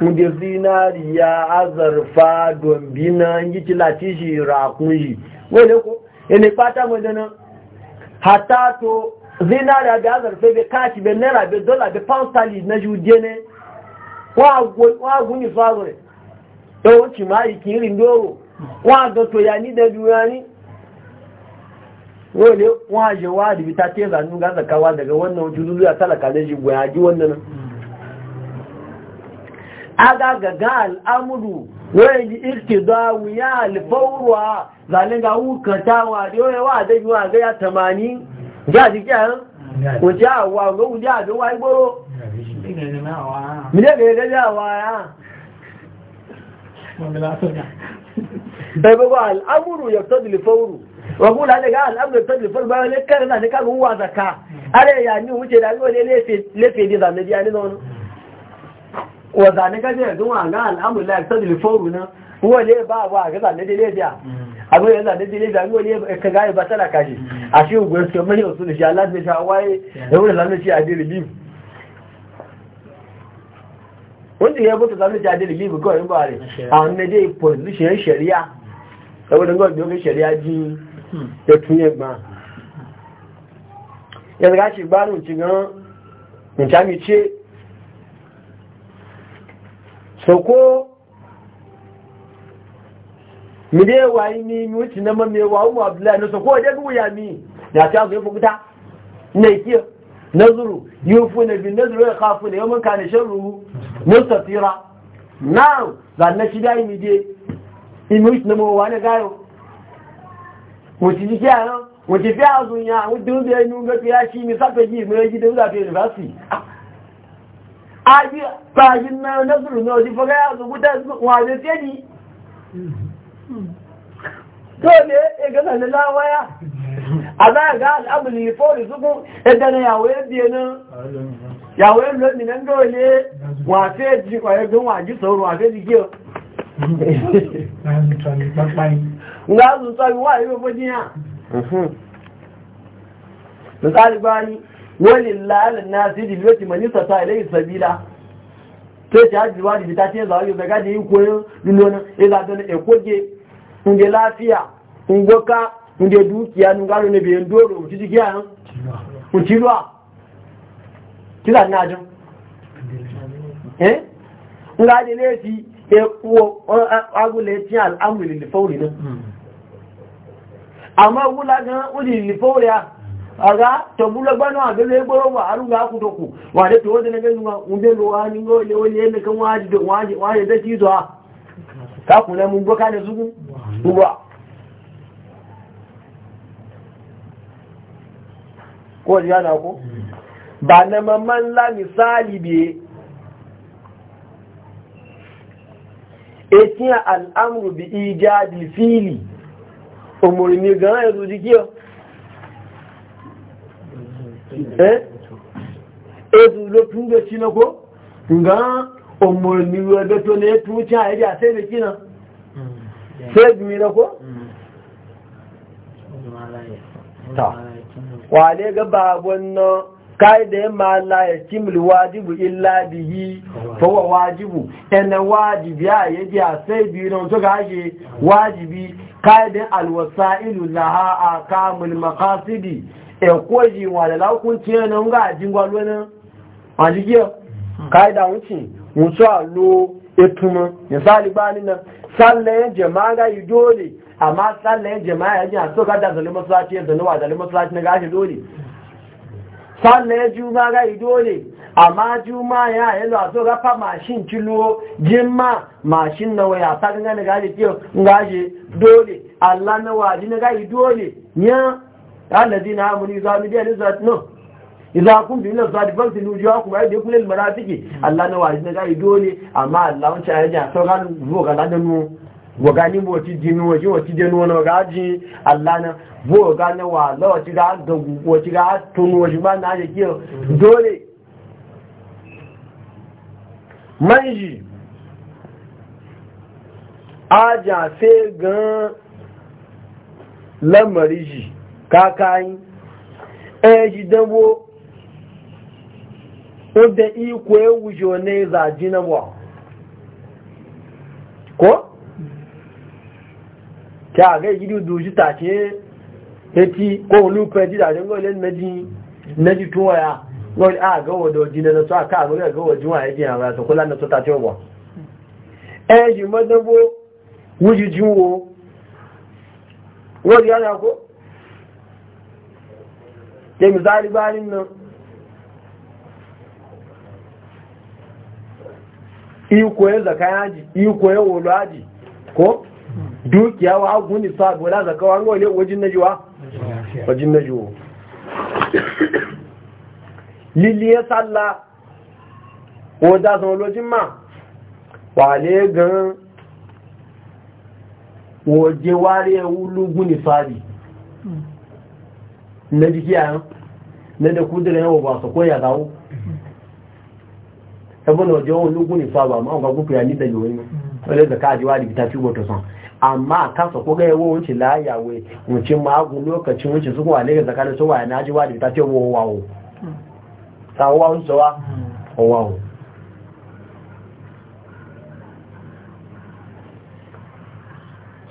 da zinariya azarfa dombina yiki latishi rakunji wale ko ene pata modana hata to zinariya da azarfa be kashi be naira be dollar be pound sterling na judene wa guni fagore yawon e cimari kiri ndoro wa gato ya ni da duniya ni wale wa jewa da bita teza nuga zakawa daga wannan jududu ya talaka na jigwa ya ji wannan aga ga al'amuru wai ji irtida wuya alfawruwa zalin ga hukatawa da yawai wa da yiwa ga ya tamani ya ji kyan wuce awa ga wuce a bin wai goro mide ga yaga jawa ya bai bago al'amuru ya fito dilfawru wakun da daga al'amuru ya fito dilfawru bayan lekarin na nika ga huwa zaka are ya wuce da ne lefe ne zanabi a ni zaune wazane gaje don a ga al'amur la ta dilforu nan wale ba ba ga zane dile biya abu ya zane dile biya wale ka ga ba tana kashi a shi ugo su mai ne shi Allah ne sha waye da wani zane shi a bi relief wanda ya buta zane shi a bi relief ko in bare a wannan dai position shari'a saboda ga biyo shari'a ji ya tunye gba yanzu ga shi gbarun ci gan ce soko mide wayi ni mi wuce na mamme wa umu abdullahi na soko wajen wuya mi ya ta zai fukuta na ikiyo na zuru yufu na bin na zuru ya kafu na yawan kane shan ruhu na safira na zanna shi dai mide imi wuce na mawa na gayo wuce jiki a nan wuce fiya zunya wuce dubu ya nuna fiya shi mi sape ji ta yi zafi university Aji fajin na nasiru na wajen faga ya zubuta wajen tsedi ya gasa na lawaya a za a ga al'amuli fori suku yadda na yawaye biye nan nan dole ji kwaye waji ji su tsari wa mhm. misali bani walillahi nasiri lati man yusata ilayhi sabila sai ta haji wadi ta ce zawo ga gaji yin koyo ila don e koje unge lafiya ungoka unge dukiya nun eh? eh? e, ne doro mm. mu tiji kila na eh nga de ti e ti al amri fawri na amma wula ga uli fawri ya aga to tabula bano abele boro wa arunga ku Wa wale to wode ne nwa umbe lo wani ngo le wole ne kan waji do waji waje da tizo ha ka ku ne mun boka ne zugu uwa ko ya na ko ba na mamman la misali be etin al'amru bi ijadi fili umurni ga yanzu dikiyo eh ezu lo tun na ko nga umarni wadda to ne tuci a yaji a sai da kina sai gumi na ko hmm. ta wale ga babon nan kaida ya mala ya e kimul wajibu illa bihi fa wa wajibu ina wajibi ya yaji a e sai biyu na wato gaje wajibi kaida alwasa'ilu laha a kamul maqasidi ẹ̀kọ́ yìí wọ́n àdàlá kún tí ẹ̀nà ń gá àjíngwá lónà àjíjẹ́ káìdà wọ́n tó àlò ètùmọ̀ ìsáàlìgbà nínà sálẹ̀ jẹ̀mára yìí dóòlì àmá sálẹ̀ jẹ̀mára ya àti tókà dà zàlẹ́ mọ́sálásí ẹ̀zẹ̀ níwà zàlẹ́ mọ́sálásí ní gáàṣì dóòlì sálẹ̀ jùmára yìí tí dóòlì dóòlì yán الذين آمنوا إذا مدي لذات نو إذا كنت من الصلاة فاغسلوا وجوهكم وأيديكم للمرافق الله نو عايزنا جاي دولي أما الله إن شاء الله سوغان فوغان لدنو wogani bo ti dinu wo wo ti dinu wo ga ji Allah na bo ga na wa lo ti ga ga wo ti ga tunu wo ba na je kiyo dole manji aja fe gan lamari ji kakayi eji ne ga ko gole na ji tuwa ya gole a na aka agoghi ga waji ya na ko? da misali bayanin nan iko ya zaka yaji iko ya wolo ko dukiya wa agun ni sa bola zaka wa ngole wajin najuwa wajin najuwa lili ya salla o da san lojin ma wa le gan wo je ware wulugun ni fari na jikiya na da kudura yawa ba su koya zawo ẹgbọ́n náà jẹ́ wọn lógún ní sọ́ọ̀bà máa ga gúkú ya ní ìdẹ̀lẹ̀ orin ọlẹ́ zaka àjíwá di fita fíwọ́ tọ̀sán amma kásọ̀ kó gẹ́ ẹwọ́ oúnjẹ láyàwó oúnjẹ magun lokacin oúnjẹ su wà lẹ́gẹ̀ zaka lọ́sọ́ wà ní àjíwá di fita tí owó wà o sáwọ́ wá ń sọ wá ọwá o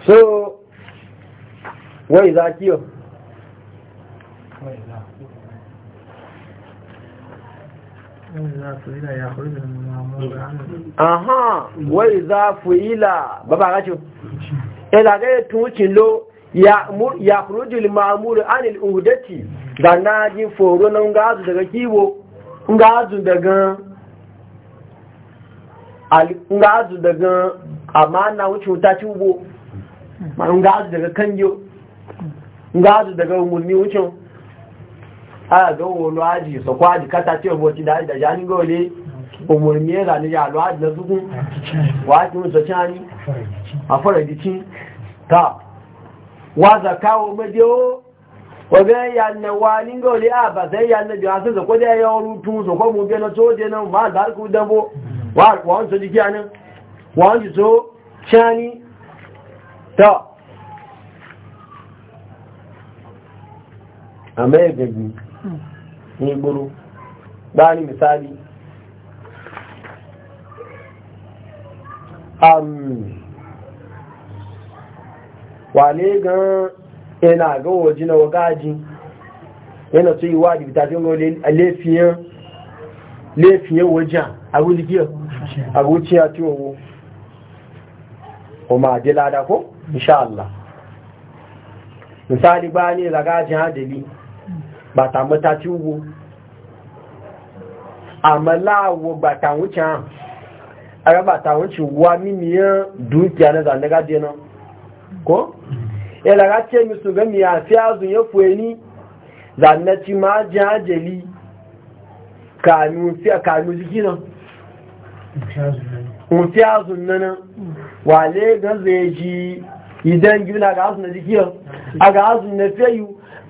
so ki yau? aha wai za fi ila ba ba gashin ilaga ya tucin lo ya kurujil ma'amuru anil uhudati da na ji foro na ngazu daga kiwo ngazu daga ngazu daga amana wuce wuta ci ubo ngazu daga kanjo ngazu daga umarni wucin a ga wo lo aji so kwa aji ti obo ti da da ja ni gole omo mi era ni ya lo aji na ta wa zakawo a ba na na ta ní gbóró bá ní misali wàlé gan yana gawo jina wa gaji yana so yi wadi bitafin laifiyan wajen agulikiyar aguciya ti owo o ma jẹ́ ládá kó inṣáàlá misali bani ní ìlàgájì bàtà mọ́ta tí ó wo àmàláàwò bàtà wúchan ara bàtà wúchan wà mímìíràn a náà zàndẹ́gá jẹna kọ́ ẹ̀lára tí èmi ṣùgbẹ́ mi àfí àzùn yóò fò ẹni zàndẹ́ ti máa jẹ́ àjẹ̀lì kàánù jíkí náà wọ́n fi àzùn náà wà lẹ́gbẹ̀ẹ́ ìdẹ́ngí náà àgázùn na jíkí náà àgázùn na fẹ́ yìí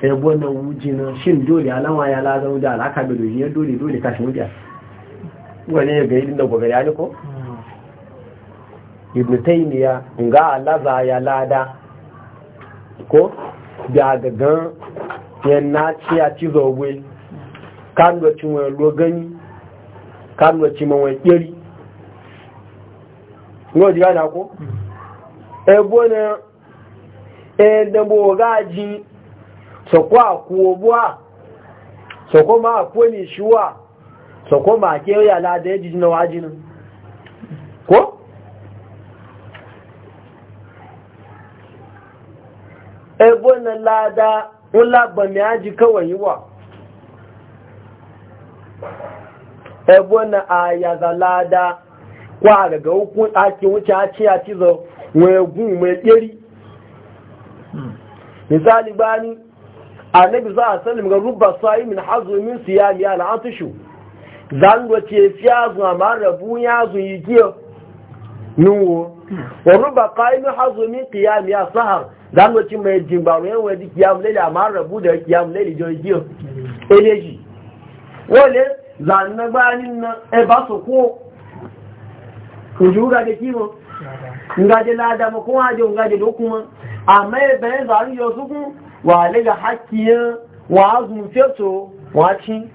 kai wannan wuji na shin dole alama ya la zama da alaka da dole dole dole kashi wuja wani ga yi da gobe ya ni ko ibn taymiya nga alaza ya lada ko da gagan yan na ci a ci zobe kan da ci wani logani kan da ci mawai kiri ngo jiga mm. na ko eh, e bona e dambo gaji saukọ a kuwogbu a saukọ ma a kuwo ni a saukọ ma a kere ya lada ya ji jinawa jini ko? ebeona lada ounlagba mai a ji kawai yi wa ebeona a yaza lada kwa a ga ga uku ake wunce ake ake zo nwere gumi nwere kiri n'isaalibanu hmm. annabi za a salim ga rubba sa'i min hazu min siyami na la'atushu zan do ce fiya a ma rabu yazu zu yi giyo nuwo wa rubba qa'imin hazu min qiyami ya sahar zan do ce mai jimbaru yan wadi qiyam a ma rabu da qiyam laili jo jiya. eleji wole zan na gbanin na e ba so ko kujura da kimo ngaje lada mo ko ajo ngaje dokuma amma e ben zan yo sukun wa daga hakkiyan wa azumfe to wa ci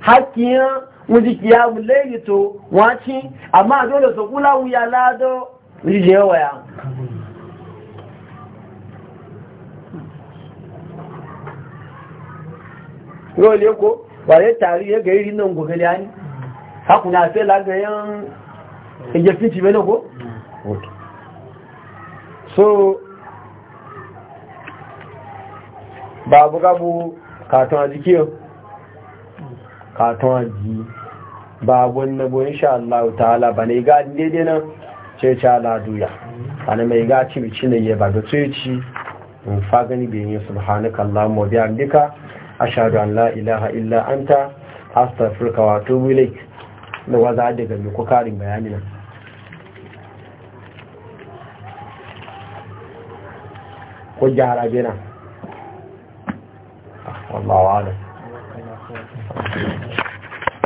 hakkiyan wuji kiyamu laili to amma dole su kula wuya lado wuji je waya Role ko ba zai tari ya gari nan gogali ya ni, hakuna fe lagayen ejefici bane ko? So, babu gabu katon aji kiyo katon ji babu na bu insha Allah ta'ala ba ne ga daidai nan ce ce ala duya ana mai ga ci bici ne ya ba ga tsoyici in fa gani bin yi subhanaka Allahumma bihamdika ashhadu an la ilaha illa anta astaghfiruka wa atubu ilaik da waza daga mi ko karin bayani nan ko jara nan Wallahu alam.